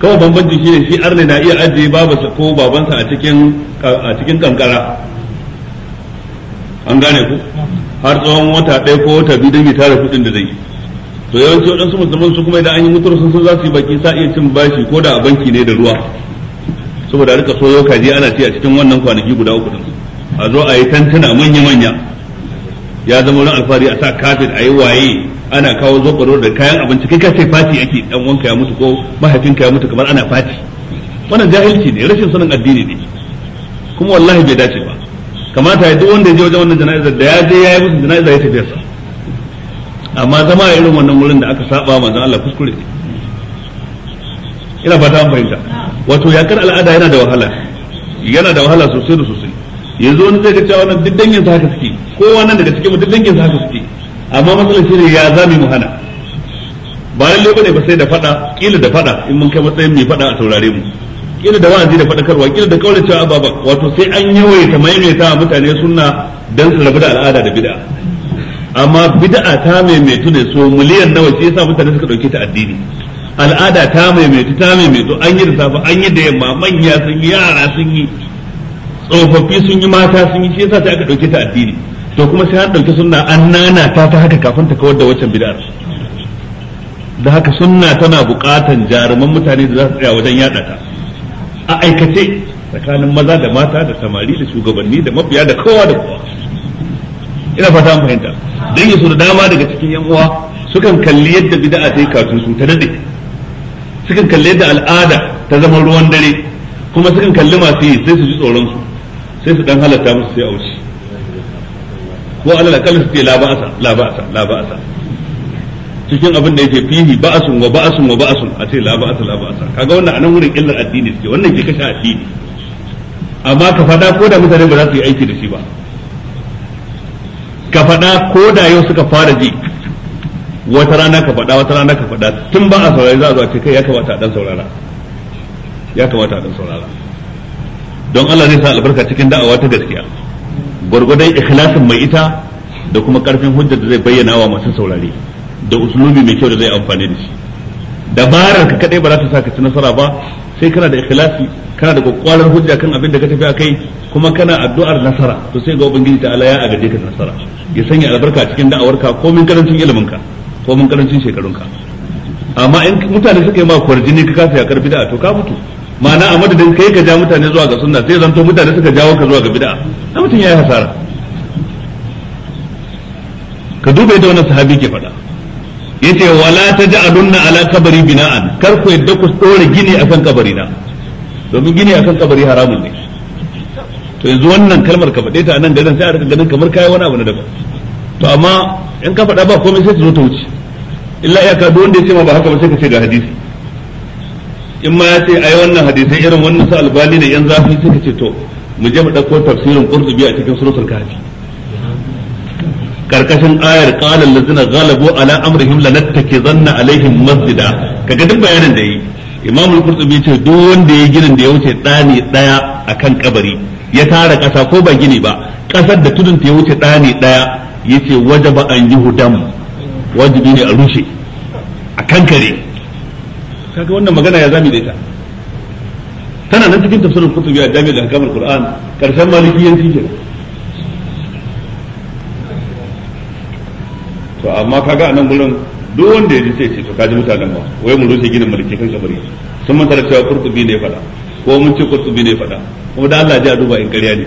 kawai bambanci shine shi arna na iya ajiye babansa ko babansa a cikin a cikin kankara an gane ku har tsawon wata ɗaya ko wata biyu don ya tara kuɗin da zai yi to yawanci waɗansu musulman su kuma idan an yi mutuwar sun san za su yi baki sa iya cin bashi ko da a banki ne da ruwa saboda rika soyo kaji ana ci a cikin wannan kwanaki guda uku din a zo a yi tantuna manya-manya ya zama wurin alfahari a sa kafin a yi waye ana kawo zokoro da kayan abinci kai kace fati ake dan wanka ya mutu ko mahaifinka ya mutu kamar ana fati wannan jahilci ne rashin sanin addini ne kuma wallahi bai dace ba kamata ya duk wanda ya je wajen wannan jana'izar da ya je ya yi musu jana'iza ya tafi sa amma zama a irin wannan wurin da aka saba ma Allah kuskure ina fata an fahimta wato yakar al'ada yana da wahala yana da wahala sosai da sosai yanzu wani zai ga cewa wannan duk dangin haka suke ko wannan daga cikin duk dangin haka suke amma matsalar ne ya zami mu hana ba lalle bane ba sai da fada kila da fada in mun kai matsayin mai fada a taurare mu kila da wa'azi da fadakarwa kila da kaurace ababa wato sai an yawaita maimaita mutane sunna dan su rabu da al'ada da bid'a amma bid'a ta maimaitu ne so miliyan nawa ce yasa mutane suka dauke ta addini al'ada ta maimaitu ta maimaitu an yi da safa an yi da yamma manya sun yi yara sun yi tsofaffi sun yi mata sun yi shi yasa sai aka dauke ta addini to kuma sai an dauke sunna an ta ta haka kafin ta kawar da waccan bid'ar da haka sunna tana buƙatan jaruman mutane da za su tsaya wajen yada ta a aikace tsakanin maza da mata da samari da shugabanni da mabiya da kowa da kowa ina fata an fahimta dan yaso da dama daga cikin yan uwa sukan kalli yadda bid'a ta yi kafin su ta dade sukan kalli yadda al'ada ta zama ruwan dare kuma sukan kalli masu yi sai su ji tsoron su sai su dan halatta musu sai a wuce ko alal akal su ce la ba'asa la ba'asa la ba'asa cikin abin da yake fihi ba'asun wa ba'asun wa ba'asun a ce la ba'asa la ba'asa kaga wannan anan wurin illar addini suke wannan ke kashe addini amma ka fada ko da mutane ba za su yi aiki da shi ba ka fada ko da yau suka fara ji wata rana ka fada wata rana ka fada tun ba a saurari za a zo a ce kai ya kamata a dan saurara ya kamata a dan saurara don Allah zai sa albarka cikin da'awa ta gaskiya gwargwadon ikhlasin mai ita da kuma karfin hujjar da zai bayyana wa masu saurare da usulubi mai kyau da zai amfani da shi dabarar ka kadai ba za ta sa ka ci nasara ba sai kana da ikhlasi kana da kokwarar hujja kan abin da ka tafi akai kuma kana addu'ar nasara to sai ga ubangiji ta Allah ya agaje ka nasara ya sanya albarka cikin da'awar ka ko min karancin ilimin ka ko min karancin shekarun ka amma in mutane suka yi ma kwarjini ka kasa ya karbi da to ka mutu ma'ana a madadin kai ka ja mutane zuwa ga sunna sai zanto mutane suka jawo ka zuwa ga bid'a na mutum yi hasara ka duba yadda wani sahabi ke faɗa ce wala taj'alunna ala kabari bina'an kar ku yadda ku dore gini akan kabari na domin gini akan kabari haramun ne to yanzu wannan kalmar ka faɗe ta nan garin sai a rika ganin kamar kayan wani abu na daban to amma in ka faɗa ba komai sai ta zo ta wuce illa iyaka duk wanda ya ce ma ba haka ba sai ka ce ga hadisi in ma ya ce ai wannan hadisai irin wannan su albani da yan zafi suka ce to mu je mu dauko tafsirin qurtubi a cikin suratul kahfi karkashin ayar qala allazina ghalabu ala amrihim zanna alaihim masjida kaga duk bayanin da yi imam al-qurtubi ce duk wanda ya ginin da ya wuce dani daya akan kabari ya tara kasa ko ba gini ba kasar da tudun ta ya wuce dani daya yace wajaba an yuhdam wajibi ne a rushe a kankare kaga wannan magana ya zami da ita tana nan cikin tafsirin kutubi a jami'ar ahkamul qur'an karshen malikiyanci ke to amma kaga anan gurin duk wanda ya ji sai ce to kaji mutanen ba wai mu rushe ginin mulki kan kabari sun manta da cewa kurtubi ne faɗa ko mun ce kurtubi ne faɗa kuma da Allah ya duba in ƙarya ne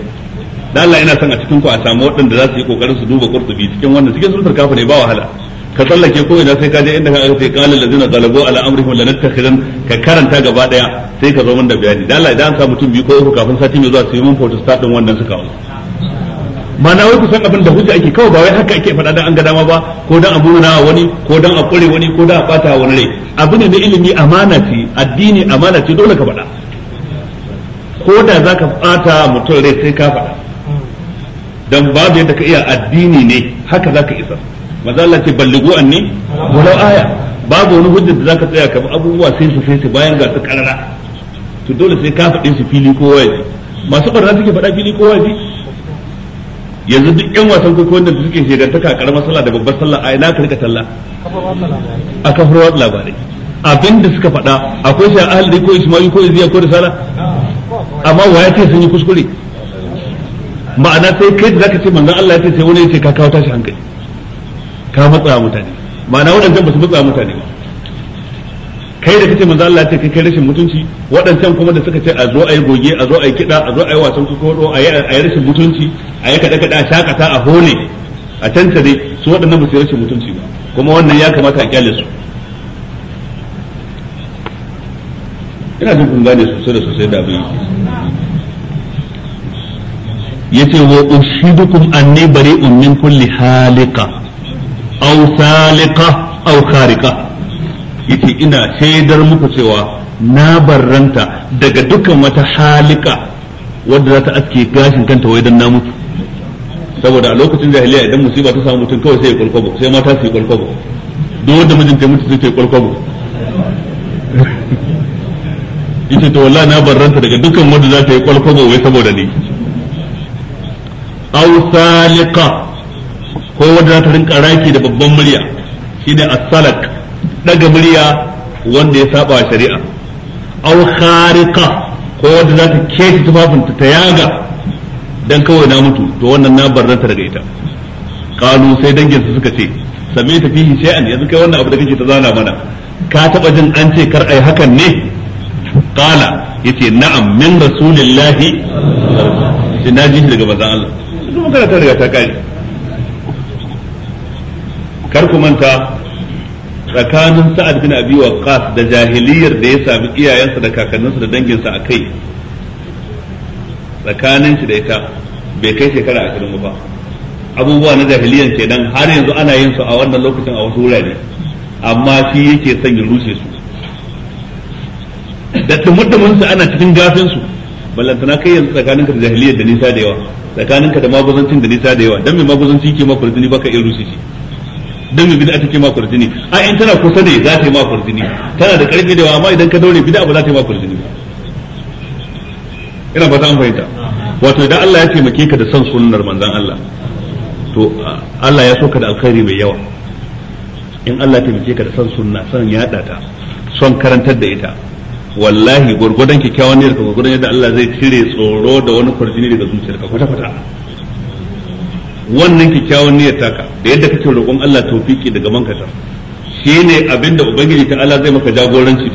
da Allah ina son a cikin ku a samu waɗanda za su yi kokarin su duba kurtubi cikin wannan cikin surutar kafa ne ba wahala ka tsallake ko ina sai ka je inda ka ce da zina galabu ala amrihim lanattakhidan ka karanta gaba daya sai ka zo mun da bayani dan Allah idan an sa mutum biyu ko uku kafin sati mai zuwa su yi mun photostat din wannan suka kawo mana wai ku san abin da hujja ake kawai ba wai haka ake faɗa dan an ga dama ba ko dan a buruna wani ko dan a kure wani ko dan a bata wani rai abu ne na ilimi amana ce addini amana ce dole ka faɗa ko da zaka bata mutum rai sai ka faɗa dan babu yadda ka iya addini ne haka zaka isa maza Allah ce balligu anni walau aya babu wani hujja da zaka tsaya ka abubuwa sai su sai su bayan ga su karara to dole sai ka faɗe su fili ko waje. masu barna suke faɗa fili ko waje. yanzu duk yan wasan ko wanda suke shegantaka ta kakar sallah da babbar sallah a ina ka rika talla a kafar watsa labarai abin da suka faɗa akwai shi a ahli ko ismail ko iziya ko risala amma wa ce sun yi kuskure ma'ana sai kai da zaka ce manzon Allah ya ce sai wani ya ce ka kawo tashi hankali ka matsa mutane ma'ana waɗancan ba su matsa mutane ba kai da kace manzo Allah ya ce kai kai rashin mutunci waɗancan kuma da suka ce a zo ayi goge a zo ayi kida a zo ayi wasan kokoro ayi ayi rashin mutunci ayi kada kada shakata a hole a tanta dai su waɗannan ba su rashin mutunci ba kuma wannan ya kamata a kyale su ina jin kun gane sosai da sosai da abin yace wa ushidukum anni bari'un min kulli halika aw saliqa aw khariqa yace ina shaidar muku cewa na barranta daga dukkan wata halika wadda za ta aske gashin kanta wai dan na mutu saboda a lokacin jahiliya idan musiba ta samu mutum kawai sai ya kwalkwabo sai mata su yi kwalkwabo don wanda mijin ta mutu sai ta yi kwalkwabo yace to wallahi na barranta daga dukkan wanda za ta yi kwalkwabo wai saboda ni aw salika ko wanda za ta rinka raki da babban murya shi ne salak daga murya wanda ya saba shari'a aw kharika ko wanda za ta kece tufafinta ta yaga dan kawai na mutu to wannan na barranta daga ita kalu sai dangin su suka ce same ta fihi shay'an yanzu kai wannan abu da kake ta zana mana ka taba jin an ce kar ai hakan ne qala yace na'am min rasulillahi sai na ji daga bazan Allah kuma kana ta riga ta kai kar ku manta tsakanin sa'ad bin abi waqqas da jahiliyar da ya sami iyayensa da kakanninsa da danginsa a kai tsakanin shi da ita bai kai shekara ashirin ba abubuwa na ke kenan har yanzu ana yin su a wannan lokacin a wasu wurare amma shi yake son ya rushe su da tumutumin su ana cikin gafin su ballantana kai yanzu tsakaninka da jahiliyar da nisa da yawa tsakaninka da maguzancin da nisa da yawa dan mai maguzanci yake maka baka iya rushe shi dan mai bid'a take ma jini a in tana kusa ne za ta yi ma kurjini tana da karfi da amma idan ka daure bid'a ba za ta yi ma jini. ina fata an fahimta wato idan Allah ya taimake ka da son sunnar manzon Allah to Allah ya so ka da alkhairi mai yawa in Allah ya taimake ka da son sunna son yada ta son karantar da ita wallahi gurgudan kyakkyawan ne da gurgudan yadda Allah zai cire tsoro da wani kurjini daga zuciyarka kwata-kwata wannan kyakkyawan niyyar taka da yadda kake roƙon Allah tawfiki daga mankasa shine abinda ubangiji ta Allah zai maka jagoranci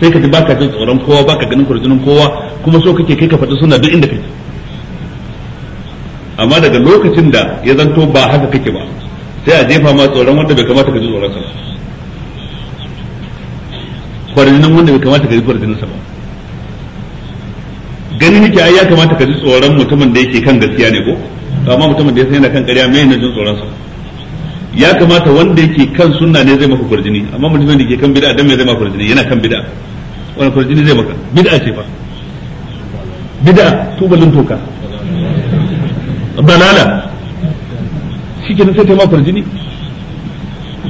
sai ka ji baka jin tsoron kowa baka ganin kurjinin kowa kuma so kake kai ka faɗi suna duk inda kake amma daga lokacin da ya zanto ba haka kake ba sai a jefa ma tsoron wanda bai kamata ka ji tsoron sa ba kwarjinin wanda bai kamata ka ji kwarjinin sa ba gani nake ai ya kamata ka ji tsoron mutumin da yake kan gaskiya ne ko amma mutumin da yake yana kan ƙarya me ne jin tsoron sa ya kamata wanda yake kan sunna ne zai maka kurjini amma mutumin da yake kan bid'a dan me zai maka kurjini yana kan bid'a wani kurjini zai maka bid'a ce fa bid'a tubalin toka balala shikenan sai ta maka kurjini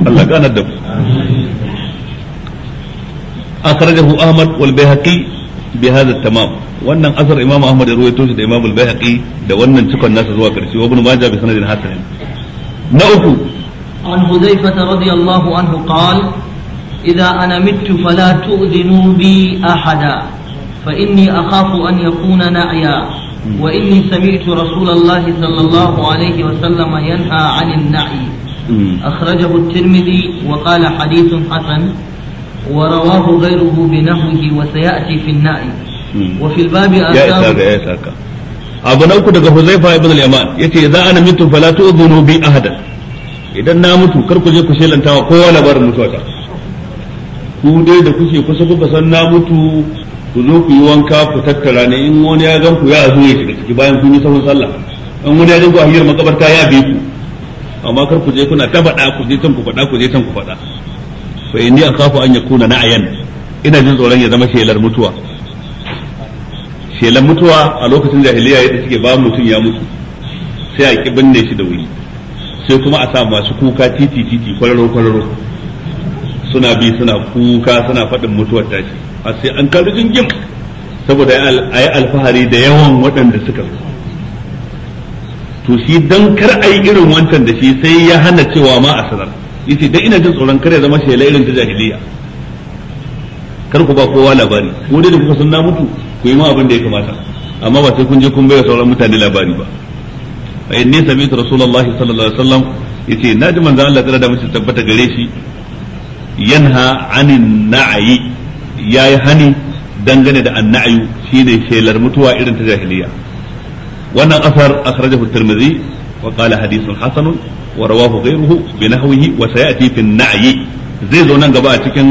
Allah ganar da mu akhrajahu Ahmad wal Baihaqi bi hadha tamam wannan asar imam ahmad ya ruwaito shi da imam al-baihaqi da wannan cikon nasa zuwa karshe wa ibn majah sanadin hasan na uku an hudhayfa radiyallahu anhu qala idza ana mittu fala tu'dinu bi ahada fa inni akhafu an yakuna na'ya wa inni sami'tu rasulallahi sallallahu alayhi wa sallam yanha 'anil na'i akhrajahu at-tirmidhi wa hasan ورواه غيره بنحوه وسيأتي في النائي وفي الباب آثار يا إساك abu na uku daga Huzaifa ibn al-Yaman yace idza ana mitu fala tu'dhunu bi ahadan idan na mutu kar ku je ku shelanta wa kowa labarin mutuwata ku dai da kuke kusa kuka san na mutu ku zo ku yi wanka ku tattara ne in wani ya gan ku ya zo ya shiga ciki bayan kun yi sahun sallah in wani ya gan a hiyar makabarta ya bi ku amma kar ku je kuna ta faɗa ku je can ku faɗa ku je ku faɗa fa inni akhafu an yakuna na'yan ina jin tsoron ya zama shelar mutuwa shelar mutuwa a lokacin jahiliya yadda suke ba mutum ya mutu sai a ki binne shi da wuri sai kuma a sa masu kuka titi titi kwararo kwararo suna bi suna kuka suna faɗin mutuwar tashi a sai an kalli jingim saboda a yi alfahari da yawan waɗanda suka to shi don kar a yi irin wancan da shi sai ya hana cewa ma a sanar yace dan ina jin tsoron kare zama shela irin ta jahiliya kar ku ba kowa labari ko dai da kuka san na mutu ku yi ma abin da ya kamata amma ba sai kun je kun bai sauran mutane labari ba fa inni sami'tu rasulullahi sallallahu alaihi wasallam yace naji manzo Allah tsara da mishi tabbata gare shi yanha anin na'ayi yayi hani dangane da annayu shine shelar mutuwa irin ta jahiliya wannan asar akhrajahu tirmidhi وقال حديث حسن ورواه غيره بنحوه وسياتي في النعي zai zo nan gaba a cikin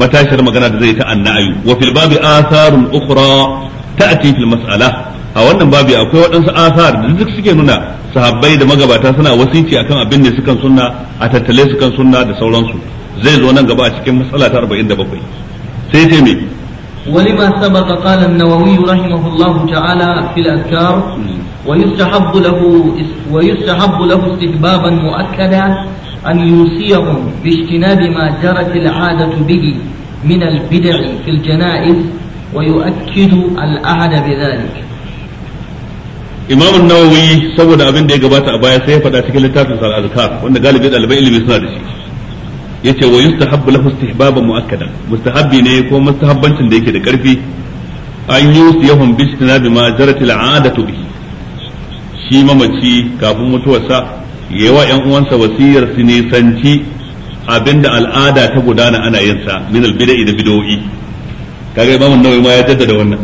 matashiyar magana da zai ta annayu wa fil babi atharun ukhra ta'ti fil mas'ala a wannan babi akwai waɗansu asar da duk suke nuna sahabbai da magabata suna wasici akan abin da sukan sunna a tattale sukan sunna da sauransu zai zo nan gaba a cikin matsala ta 47 sai ce me ولما سبق قال النووي رحمه الله تعالى في الأذكار ويستحب له ويستحب له استحبابا مؤكدا أن يوصيهم باجتناب ما جرت العادة به من البدع في الجنائز ويؤكد الأعد بذلك Imam Nawawi saboda abin da ya gabata a baya sai ya faɗa cikin littafin sa al-Azkar wanda galibi ɗalibai suna da shi yace wa yustahabbu lahu istihbaban muakkadan mustahabbi ne ko mustahabbancin da yake da karfi an bi ma shi mamaci kafin mutuwarsa ya wa ‘yan uwansa wasiyar su nisanci abinda al'ada ta gudana ana yin sa min albida'i da bidowi kaga imamu nawawi ma ya jaddada wannan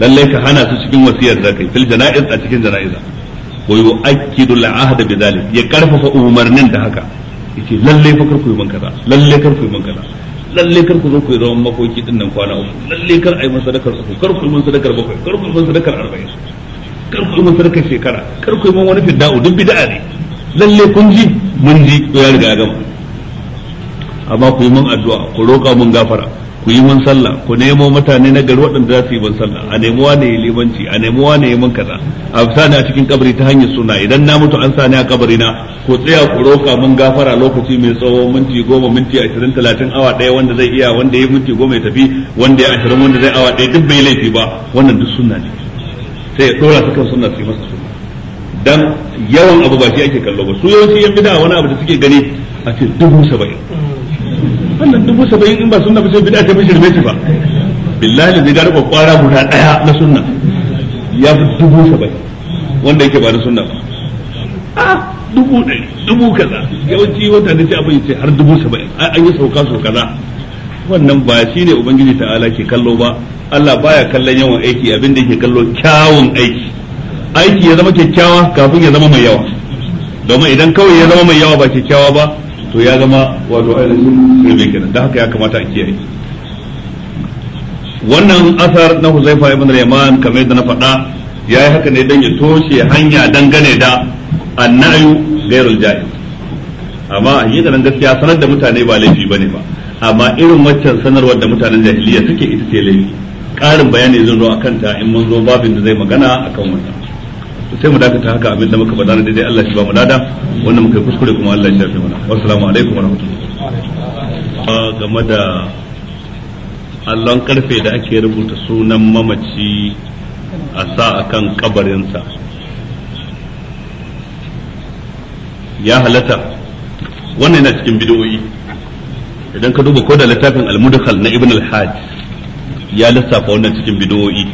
lallai ka hana su cikin wasiyar da kai fil janaiz a cikin janaiza wa yu'akkidu al'ahda bidhalik ya karfafa umarnin da haka yace lallai fa kar ku yi man kaza lallai kar ku yi man kaza lallai kar ku zo ku yi zaman makoki din nan kwana uku lallai kar ai man sadakar uku kar ku yi man sadakar bakwai kar ku yi man sadakar arba'in kar ku yi mun farkar shekara kar ku yi mun wani fidda'u duk bid'a ne lalle kun ji mun ji ko ya riga gama amma ku yi mun addu'a ku roƙa mun gafara ku yi mun sallah ku nemo mutane na gari waɗanda za su yi mun sallah a nemi wane ya limanci a nemi wane ya mun kaza a sani a cikin kabari ta hanyar suna idan na mutu an sani a kabari na ku tsaya ku roƙa mun gafara lokaci mai tsawo minti goma minti ashirin talatin awa ɗaya wanda zai iya wanda ya minti goma ya tafi wanda ya ashirin wanda zai awa ɗaya duk bai laifi ba wannan duk sunna ne sai ya dora su kan sunna su masa sunna dan yawan abu ba shi ake kallo ba su yawanci yan bid'a wani abu da suke gani a ce dubu saba'in wannan dubu saba'in in ba sunna ba sai bid'a ta bishir mai ba billahi zai garba kwara guda daya na sunna ya fi dubu saba'in wanda yake ba na sunna ba a ah, dubu ɗari dubu kaza yawanci wata da ce abin ce har dubu saba'in an yi sauka sau kaza wannan ba shi ne ubangiji ta'ala ke kallo ba Allah baya kallon yawan aiki abin da yake kallo kyawun aiki aiki ya zama kyakkyawa kafin ya zama mai yawa domin idan kawai ya zama mai yawa ba kyakkyawa ba to ya zama wato ainihin shirme kenan da haka ya kamata a kiyaye wannan asar na Huzaifa ibn rayman kamar yadda na faɗa ya yi haka ne don ya toshe hanya dangane da annayu gairul jahil amma a yi gaskiya sanar da mutane ba laifi bane ba amma irin waccan sanarwar da mutanen jahiliya suke ita ce laifi ƙarin bayani zan zo akan ta in mun zo babin da zai magana akan wannan sai mu dakata haka abin da muka faɗa na daidai Allah shi ba mu dada. Wannan muka kuskure kuma Allah shi ya fi mana wassalamu alaikum wa rahmatullahi game da allon karfe da ake rubuta sunan mamaci a sa akan kabarinsa ya halatta wannan yana cikin bidiyoyi idan ka duba ko da littafin al-mudkhal na ibn al-hajj ya lissafa wannan cikin bidoyi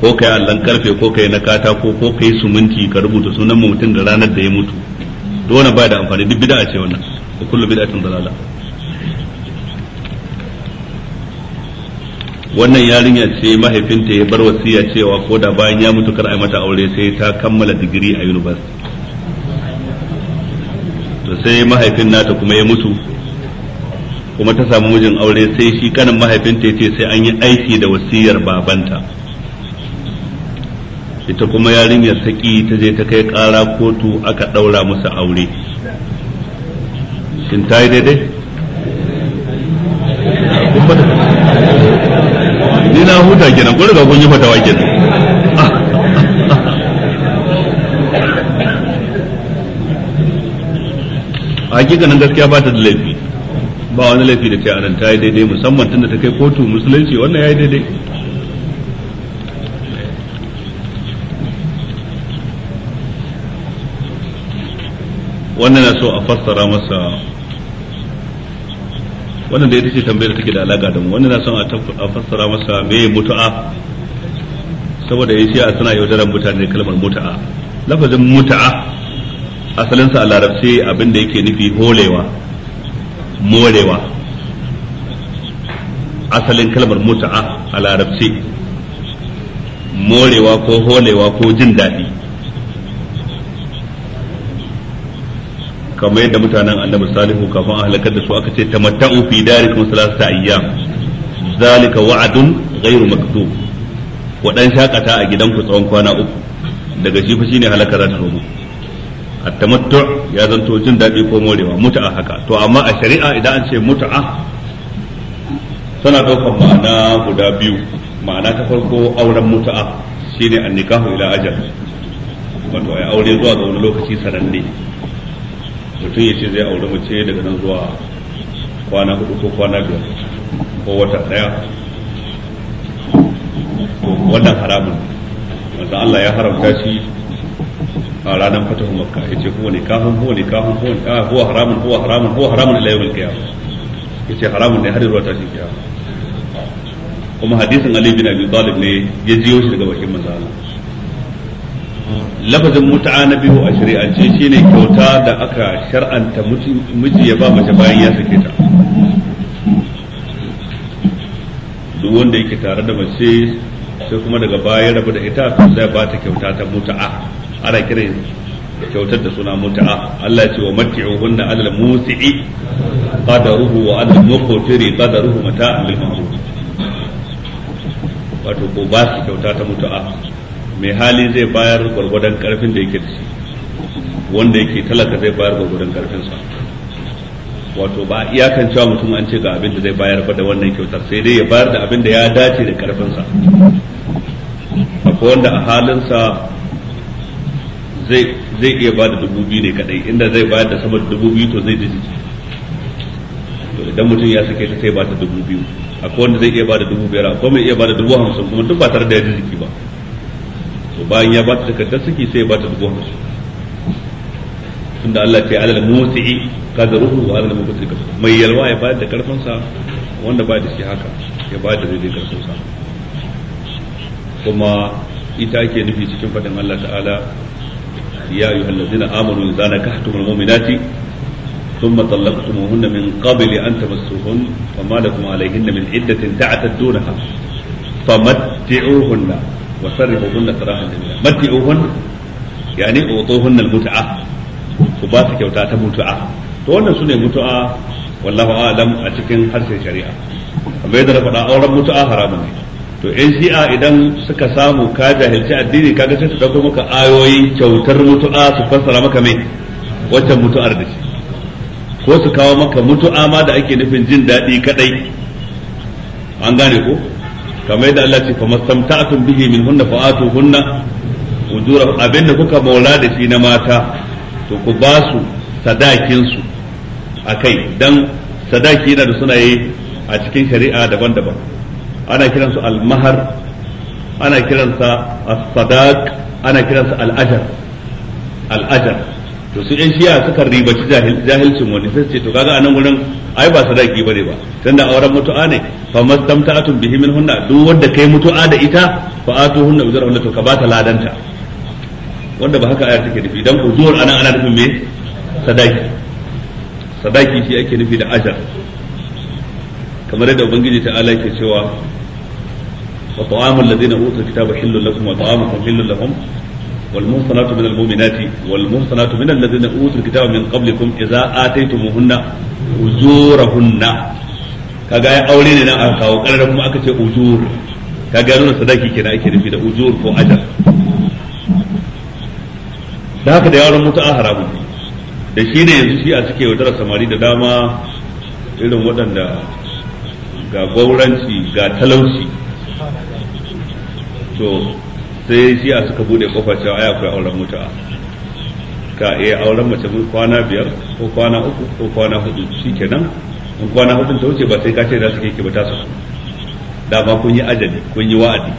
ko kai allan karfe ko kai na katako ko kai suminti ka rubuta sunan mutum da ranar da ya mutu to wannan baya da amfani duk bid'a ce wannan wa kullu bid'atin dalala wannan yarinya ce mahaifinta ya bar wasiya cewa ko da bayan ya mutu kar a mata aure sai ta kammala digiri a university to sai mahaifin nata kuma ya mutu kuma ta samu mijin aure sai shi kanin mahaifinta ya ce sai an yi aiki da wasiyar babanta ita kuma yarinyar saki ta je ta kai ƙara kotu aka ɗaura masa aure shin ta yi daidai ni na huta kenan ko daga kun yi fatawa kenan nan gaskiya ba ta da laifi ba wani laifi da kai anan ta yi daidai musamman tunda ta kai kotu musulunci wannan ya yi daidai wannan na so a fassara masa wannan da ita ce tambayar take da alaka da mu wannan na son a fassara masa me mutu'a saboda ya shiya suna yaudaran mutane kalmar mutu'a lafazin mutu'a asalinsa a larabci abinda yake nufi holewa morewa asalin kalmar mota a larabce morewa ko holewa ko jin daɗi kamar yadda mutanen annabi salihu kafin a halakar da su aka ce tamatta'u fi darikum salasata ayyam zalika wa'adun ghairu maktub wadan shakata a gidanku tsawon kwana uku daga shi fa shine halakar da zo at-tamattu ya zanto jin daɗi ko morewa mut'a haka to amma a shari'a idan an ce mut'a tana ɗaukar ma'ana guda biyu ma'ana ta farko auren mut'a shine an-nikahu ila ajal wato ai aure zuwa ga wani lokaci sananne mutum ya ce zai aure mace daga nan zuwa kwana hudu ko kwana biyar ko wata daya to wannan haramun wanda Allah ya haramta shi a ranar fatahun makka yace huwa kafin huwa nikahun huwa ah, huwa haramun huwa haramun huwa haramun ila yawmil ya ce haramun ne har zuwa tashin kiya kuma hadisin Ali bin Abi Talib ne ya jiyo shi daga bakin manzo Allah lafazin muta'a na biyu a shari'ance shine kyauta da aka shar'anta miji ya ba mace bayan ya sake ta duk wanda yake tare da mace sai kuma daga baya rabu da ita to zai ba ta kyauta ta muta'a ana kiran kyautar da suna muta'a Allah ya ce wa hunna alal musi'i qadaruhu wa al muqtiri qadaruhu mata'an lil ma'ruf wato ko ba su kyauta ta a mai hali zai bayar gwargwadon karfin da yake da shi wanda yake talaka zai bayar gwargwadon sa wato ba iyakan cewa mutum an ce ga abin da zai bayar ba da wannan kyautar sai dai ya bayar da abin da ya dace da karfinsa akwai wanda a halinsa zai zai iya ba da dubu biyu ne kadai inda zai bayar da sama da dubu biyu to zai jiji jiki to idan mutum ya sake ta sai ba ta dubu biyu akwai wanda zai iya ba da dubu biyar akwai mai iya ba da dubu hamsin kuma duk ba tare da ya ji jiki ba to bayan ya ba ta takardar saki sai ya ba ta dubu hamsin tunda Allah ta yi alal musi'i qadaruhu wa ala mabdi mai yalwa ya bayar da karfin sa wanda ba da shi haka ya bayar da daidai karfin sa kuma ita ake nufi cikin fadin Allah ta'ala ya ayyuhal ladzina amanu idza nakahtumul mu'minati thumma talaqtumuhunna min qabli an tamassuhun fama lakum alayhinna min iddatin ta'taddunaha famatti'uhunna wa sarrihuhunna sarahan jamila matti'uhunna yani utuhunna al-mut'a ku ba su kyauta ta mutu'a to wannan ne mutu'a wallahu a'lam a cikin harshen shari'a amma yadda na faɗa auren mutu'a haramun ne to yan shi'a idan suka samu ka jahilci addini kaga sai su dauko maka ayoyi kyautar mutu'a su fassara maka mai wacce mutu'ar da shi ko su kawo maka mutu'a ma da ake nufin jin daɗi kadai an gane ko kamar yadda Allah ce fa mastamta'tum bihi min hunna fa'atu hunna ujura abinda kuka maula da shi na mata to ku ba su sadakin su a kai dan sadaki yana da sunaye a cikin shari'a daban-daban ana kiransu al-mahar ana kiransa as-sadaq ana kiransa al-ajar al-ajar to su yan shiya suka ribaci jahilcin wani sai ce to kaga anan gurin ai ba sadaki bane ba da auren mutu'a ne fa mastamta'atun bihi min hunna duk wanda kai mutu'a da ita fa atu hunna ujurahunna to ka bata ladanta wanda ba haka aya take nufi dan uzur anan ana nufin me sadaki sadaki shi ake nufi da ajar kamar yadda ubangiji ta ala ke cewa wa ta'amul ladina utul kitaba hillul lakum wa ta'amukum hillul lahum wal muhsanatu minal mu'minati wal muhsanatu minal ladina utul kitaba min qablikum idza ataytumuhunna ujurahunna kaga ya aure ne nan aka kawo karar kuma aka ce ujur kaga nuna sadaki kenan ake nufi da ujur ko ajar da haka da yaron mutu an haramun da shi ne yanzu shi'a suke yaudara samari da dama irin waɗanda ga gwauranci ga talauci to sai shi'a suka bude kofa cewa ai akwai auren mutu'a ka iya eh, auren mace kwana biyar ko kwana uku ko kwana hudu shikenan in kwana hudun ta wuce ba sai ka ce za su ke ba ta su dama kun yi ajali kun yi wa'adi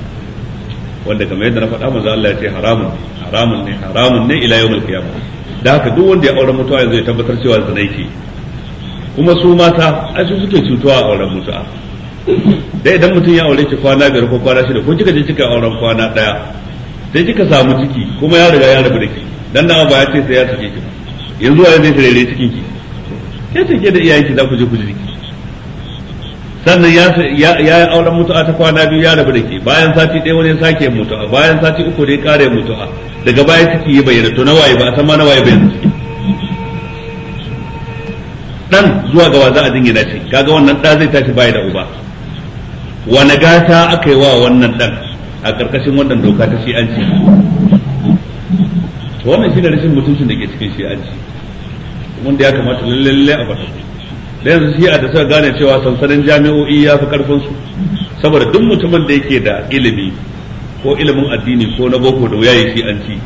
wanda kamar yadda na faɗa manzo Allah ya ce haramun ne haramun ne haramun ne ila ya ba. da haka duk wanda ya auren mutuwa yanzu ya tabbatar cewa zina yake kuma su mata a su suke cutuwa a auren mutuwa dai idan mutum ya aure ki kwana biyar ko kwana shida ko kika je kika auren kwana daya sai kika samu ciki kuma ya riga ya rabu da ki dan nan ba ya ce sai ya sake ki yanzu yanzu ya tarere cikin ki ke take da iyayen ki za ku je ku ji ciki sannan ya ya auren mutu'a ta kwana biyu ya rabu da ke bayan sati ɗaya wani sake mutu'a bayan sati uku dai ƙare mutu'a daga baya ciki yi bayyana to waye ba a san ma waye bayyana ciki dan zuwa ga za a jingina ce kaga wannan da zai tashi bayi da uba wani gata aka yi wa wannan dan a karkashin wannan doka ta shi'anci wannan shi ne rashin mutuncin da ke cikin shi'anci wanda ya kamata lallai a faɗa da yanzu shi'a da suka gane cewa sansanin jami'o'i ya fi karfin su saboda duk mutumin da yake da ilimi ko ilimin addini ko na boko da wuya yake an ci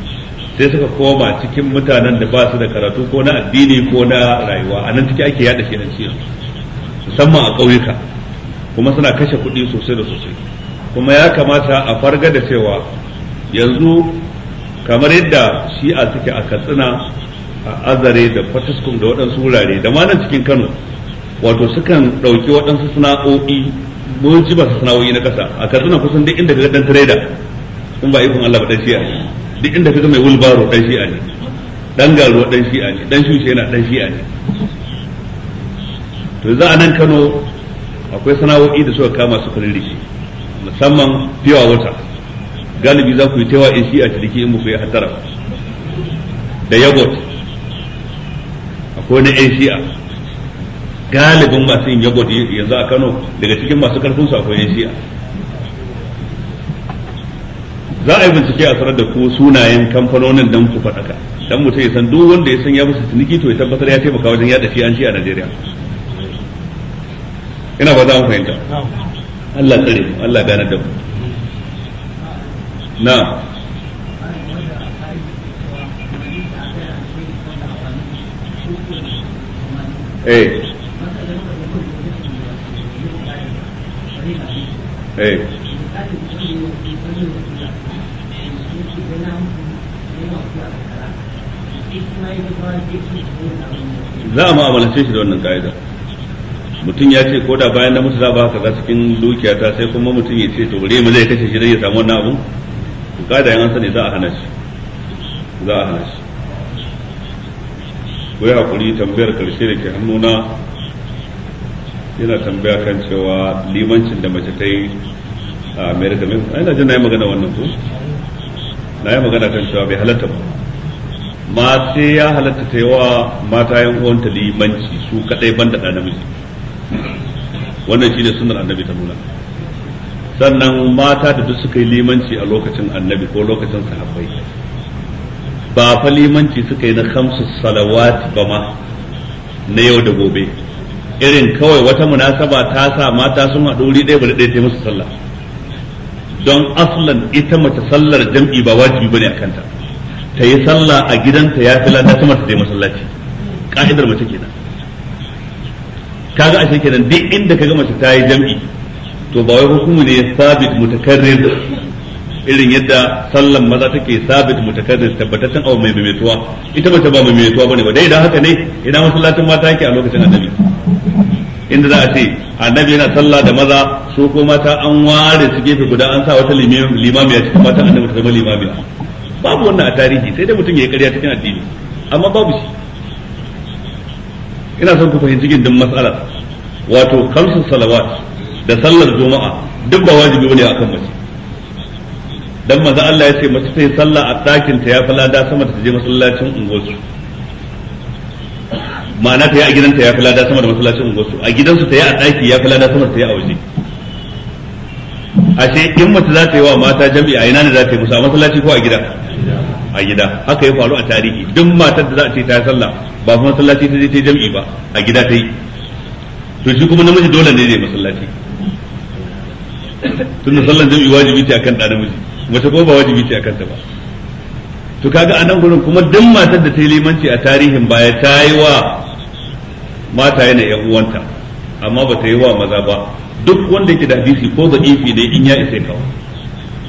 sai suka koma cikin mutanen da ba su da karatu ko na addini ko na rayuwa a nan ciki ake yada shi an ci musamman a ƙauyuka kuma suna kashe kuɗi sosai da sosai kuma ya kamata a farga da cewa yanzu kamar yadda shi a suke a katsina a azare da fatiskun da waɗansu wurare da ma nan cikin kano wato sukan ɗauki waɗansu sana'o'i mujiba su sana'o'i na ƙasa a kaduna kusan duk inda ga dan trader in ba ikon Allah ba dan shi'a ne duk inda kaga mai wulbaro dan shi'a ne dan garuwa dan shi'a ne dan shushe yana dan shi'a ne to za a nan Kano akwai sana'o'i da suka kama su kare rishi musamman fiwa wata galibi za ku yi tewa in shi'a ciniki in ku yi hatara da yabot akwai na yan shi'a galibin masu yin yagodi yanzu a Kano daga cikin masu karfin su akwai shi'a za a yi bincike a sanar da ku sunayen kamfanonin dan ku faɗaka dan mutum ya san duk wanda ya san ya musu ciniki to ya tabbatar ya taimaka wajen yada shi an shi a Najeriya ina ba za mu fahimta Allah tsare mu Allah gane da mu na eh za a ma'amalace shi da wannan ka'ida mutum ya ce ko da bayan na mutu za ba kin cikin ta sai kuma mutum ya ce to bare mu zai kashe shi dan ya samu wannan abu to yan sani za a hana shi za a hana shi ko ya hakuri tambayar karshe da ke hannuna yana tambaya kan cewa limancin da mace ta yi a america mai ana jin na yi magana wannan ko na yi magana kan cewa bai halatta ba ma sai ya halatta ta wa mata yan uwanta limanci su kadai ban da namiji wannan shine sunan annabi ta nuna sannan mata da duk suka yi limanci a lokacin annabi ko lokacin sahabbai ba fa limanci suka yi na kamsu salawati ba ma na yau da gobe irin kawai wata munasaba ta sa mata sun haɗu wuri ɗaya bari ɗaya ta musu sallah don aslan ita mace sallar jam'i ba wajibi bane akan ta ta yi sallah a gidanta ya fi lada sama ta je masallaci ka'idar mace kenan kaga ashe kenan duk inda kaga mace ta yi jam'i to ba wai hukumu ne sabit mutakarrir irin yadda sallan maza take sabit mutakarrir tabbataccen abu mai maimaituwa ita mace ba mai maimaituwa bane ba dai idan haka ne ina masallacin mata yake a lokacin annabi inda za a ce annabi yana sallah da maza su ko mata an ware su gefe guda an sa wata limamiya cikin mata annabi ta zama limamiya babu wannan a tarihi sai dai mutum ya yi karya cikin addini amma babu shi ina son ku fahimci gindin matsalar wato kamsu salawat da sallar juma'a duk ba wajibi bane akan mace dan manzo Allah ya ce mace sai sallah a ɗakin ta ya da sama ta je masallacin unguwarsu ma'ana ta yi a gidanta ya fi lada sama da masallacin unguwarsu a gidansu ta yi a ɗaki ya fi lada sama da ta yi a waje ashe in mace za ta yi wa mata jam'i a ina ne za ta yi musu a masallaci ko a gida a gida haka ya faru a tarihi duk matar da za a ce ta yi sallah ba kuma masallaci ta je ta jam'i ba a gida ta yi to shi kuma namiji dole ne ne masallaci tunda sallan jam'i wajibi ce akan ɗan namiji mace ko ba wajibi ce akan ta ba to kaga a nan gurin kuma duk matar da ta yi limanci a tarihin baya ta yi wa mata yana yan uwanta amma ba ta yi wa maza ba duk wanda ke da hadisi ko da ifi ne in ya isa kawo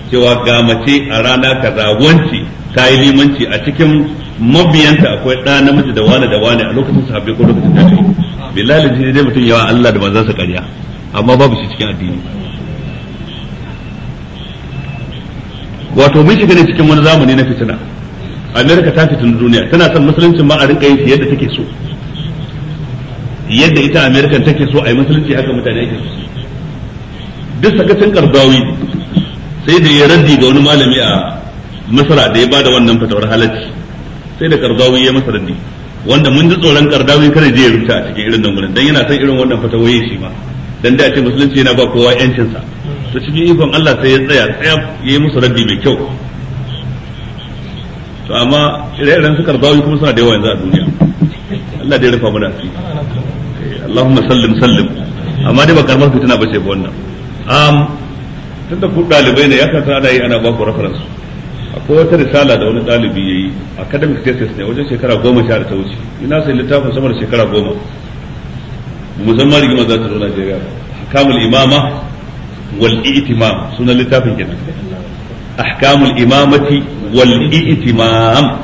cewa ga mace a rana kaza wanci ta yi limanci a cikin mabiyanta akwai ɗa namiji da wani da wani a lokacin sahabbai ko lokacin tabi'i billahi jini dai mutum yawa Allah da manzansa ƙarya amma babu shi cikin addini wato mun shiga ne cikin wani zamani na fitina america ta fitin duniya tana son musulunci ma a rinka yin yadda take so yadda ita america take so a yi musulunci haka mutane ake so duk sakacin karbawi sai da ya raddi ga wani malami a misra da ya bada wannan fatawar halacci sai da karbawi ya masa raddi wanda mun ji tsoron karbawi kada je ya rubuta a cikin irin nan dan yana san irin wannan fatawoyi shi ma dan da ce musulunci yana ba kowa yancin sa to cikin ikon Allah sai ya tsaya tsaya yayi musu raddi mai kyau to amma ire-iren su karbawi kuma suna da yawa yanzu a duniya Allah dai rufa mana asiri eh, Allahumma sallim sallim amma dai ba karamar fitina ba ce ba wannan am tun da ku dalibai ne ya kasa ana yi ana baku reference akwai wata risala da wani dalibi yayi academic thesis ne wajen shekara goma sha da ta wuce ina sai littafin sama da shekara goma musamman rigima za ta zo Najeriya kamul imama wal itimam sunan littafin kenan ahkamul imamati wal i'timam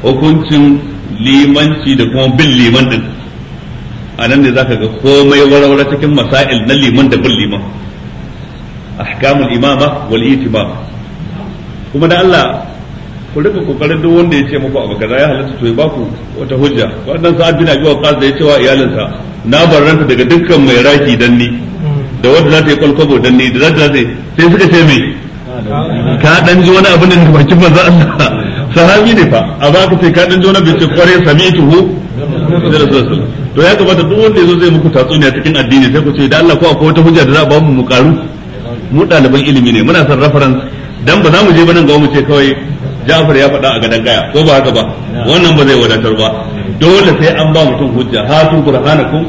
hukuncin limanci da kuma bin liman din a nan ne zaka ga komai warware cikin masail na liman da bin liman ahkamul imama wal i'timam kuma da Allah ku rika kokarin duk wanda ya ce muku abu kaza ya halatta to ya baku wata hujja wannan sa'ad bin abi waqas da ya wa iyalinsa na barranta daga dukkan mai raki dan ni da wanda za ta yi kwalkwabo dan ni da za ta sai suka ce mai ka dan ji wani abin da baki bakin manzo Allah sahabi ne fa a ba ka sai ka dan ji wani ce kware sami'tuhu da rasulullah to ya kamata duk wanda yazo zai muku tatsuniya cikin addini sai ku ce da Allah ko akwai wata hujja da za a ba mu mu karu mu ɗaliban ilimi ne muna son reference dan ba za mu je ba nan ga mu ce kawai Jafar ya faɗa a gadan gaya ko ba haka ba wannan ba zai wadatar ba dole sai an ba mutum hujja hatu qur'anakum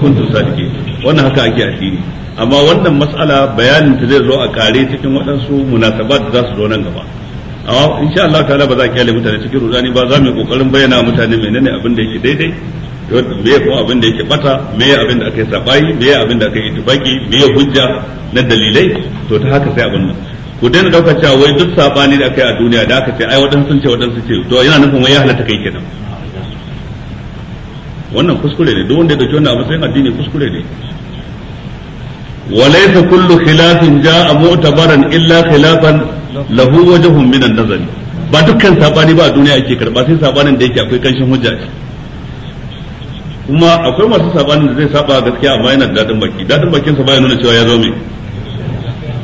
kuntum sadiqin wannan haka ake addini amma wannan mas'ala bayanin ta zai zo a kare cikin waɗansu munasabat da za su zo nan gaba amma insha Allah ta'ala ba za a kyale mutane cikin rudani ba za mu yi kokarin bayyana mutane menene abin da yake daidai me ya kuma abin da yake bata me ya abin da aka yi sabayi me ya abin da aka yi tubaki me ya hujja na dalilai to ta haka sai abin nan ku daina dauka cewa wai duk sabani da aka yi a duniya da aka ce ai waɗansu sun ce waɗansu ce to yana nufin wai ya halatta kai kenan wannan kuskure ne duk wanda ya dauki wannan abu sai addini kuskure ne وليس كل خلاف جاء معتبرا الا خلافا له وجه من النظر ba dukkan sabani ba a duniya ake karba sai sabanin da yake akwai kanshin hujja kuma akwai masu sabanin da zai saba gaskiya amma yana dadin baki dadin bakin sa baya nuna cewa ya zo mai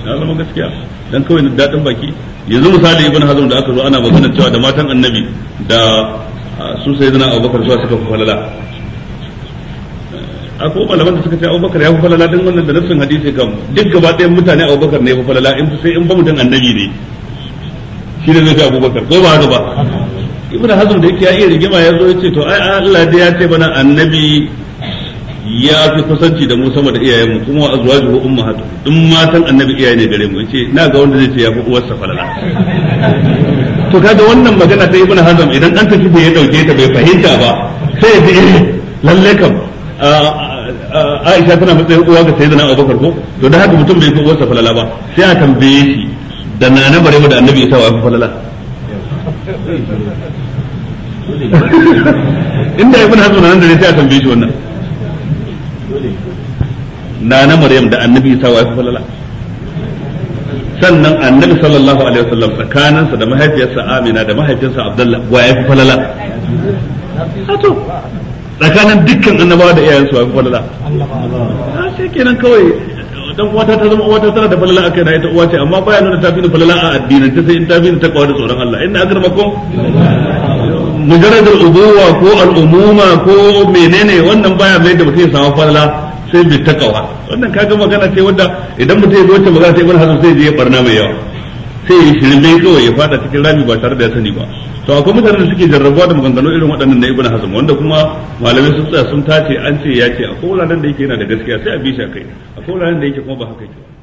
ya zama gaskiya dan kawai dadin baki yanzu misali ibn hazm da aka zo ana magana cewa da matan annabi da ah, su sayyidina abubakar suka falala akwai malaman da suka ce Abubakar ya fi falala don wannan da nafsin hadisi kam duk gaba ɗaya mutane Abubakar ne ya fi falala in sai in ba mutum annabi ne shi ne zai fi Abubakar ko ba haka ba Ibn Hazm da yake ya iya rigima ya zo ya ce to ai Allah da ya ce bana annabi ya fi kusanci da mu sama da iyayen mu kuma azwajuhu ummahatu din matan annabi iyaye ne gare mu yace na ga wanda zai ce ya fi uwarsa falala to kaga wannan magana ta ibnu hazm idan an tafi bai dauke ta bai fahimta ba sai ya ji eh, lalle kam Aisha tana matsayin uwa ga sayyidina Abubakar ko to da haka mutum bai fi uwarsa falala ba sai a tambaye shi da nana bare da annabi ya wa fi falala inda ibn hazm nan da sai a tambaye shi wannan nana maryam da annabi ya wa fi falala sannan annabi sallallahu alaihi wasallam tsakaninsa da mahaifiyarsa amina da mahaifinsa abdullah wa ya falala tsakanin dukkan annaba da iyayen su a falala a ah, shi kenan kawai dan wata ta zama wata tana da falala kai na ita uwa ce amma baya nuna tafi ni falala a addini ta sai in tafi ta takwa da tsoron Allah inna akramakum mujarrad al-ubuwa ko al-umuma ko menene wannan baya mai da mutum ya samu falala sai bi ta takawa wannan kaga magana ce wanda idan mutum ya zo ta magana sai ibn hazm sai je ya barna mai yawa sai ya shirin dai kawai ya fada cikin rami ba tare da ya sani ba to akwai mutanen da suke jarrabuwa da maganganu irin waɗannan na ibn hazm wanda kuma malamai sun tsaya sun tace an ce ya ce akwai wuraren da yake yana da gaskiya sai a bi shi a kai akwai wuraren da yake kuma ba haka yake ba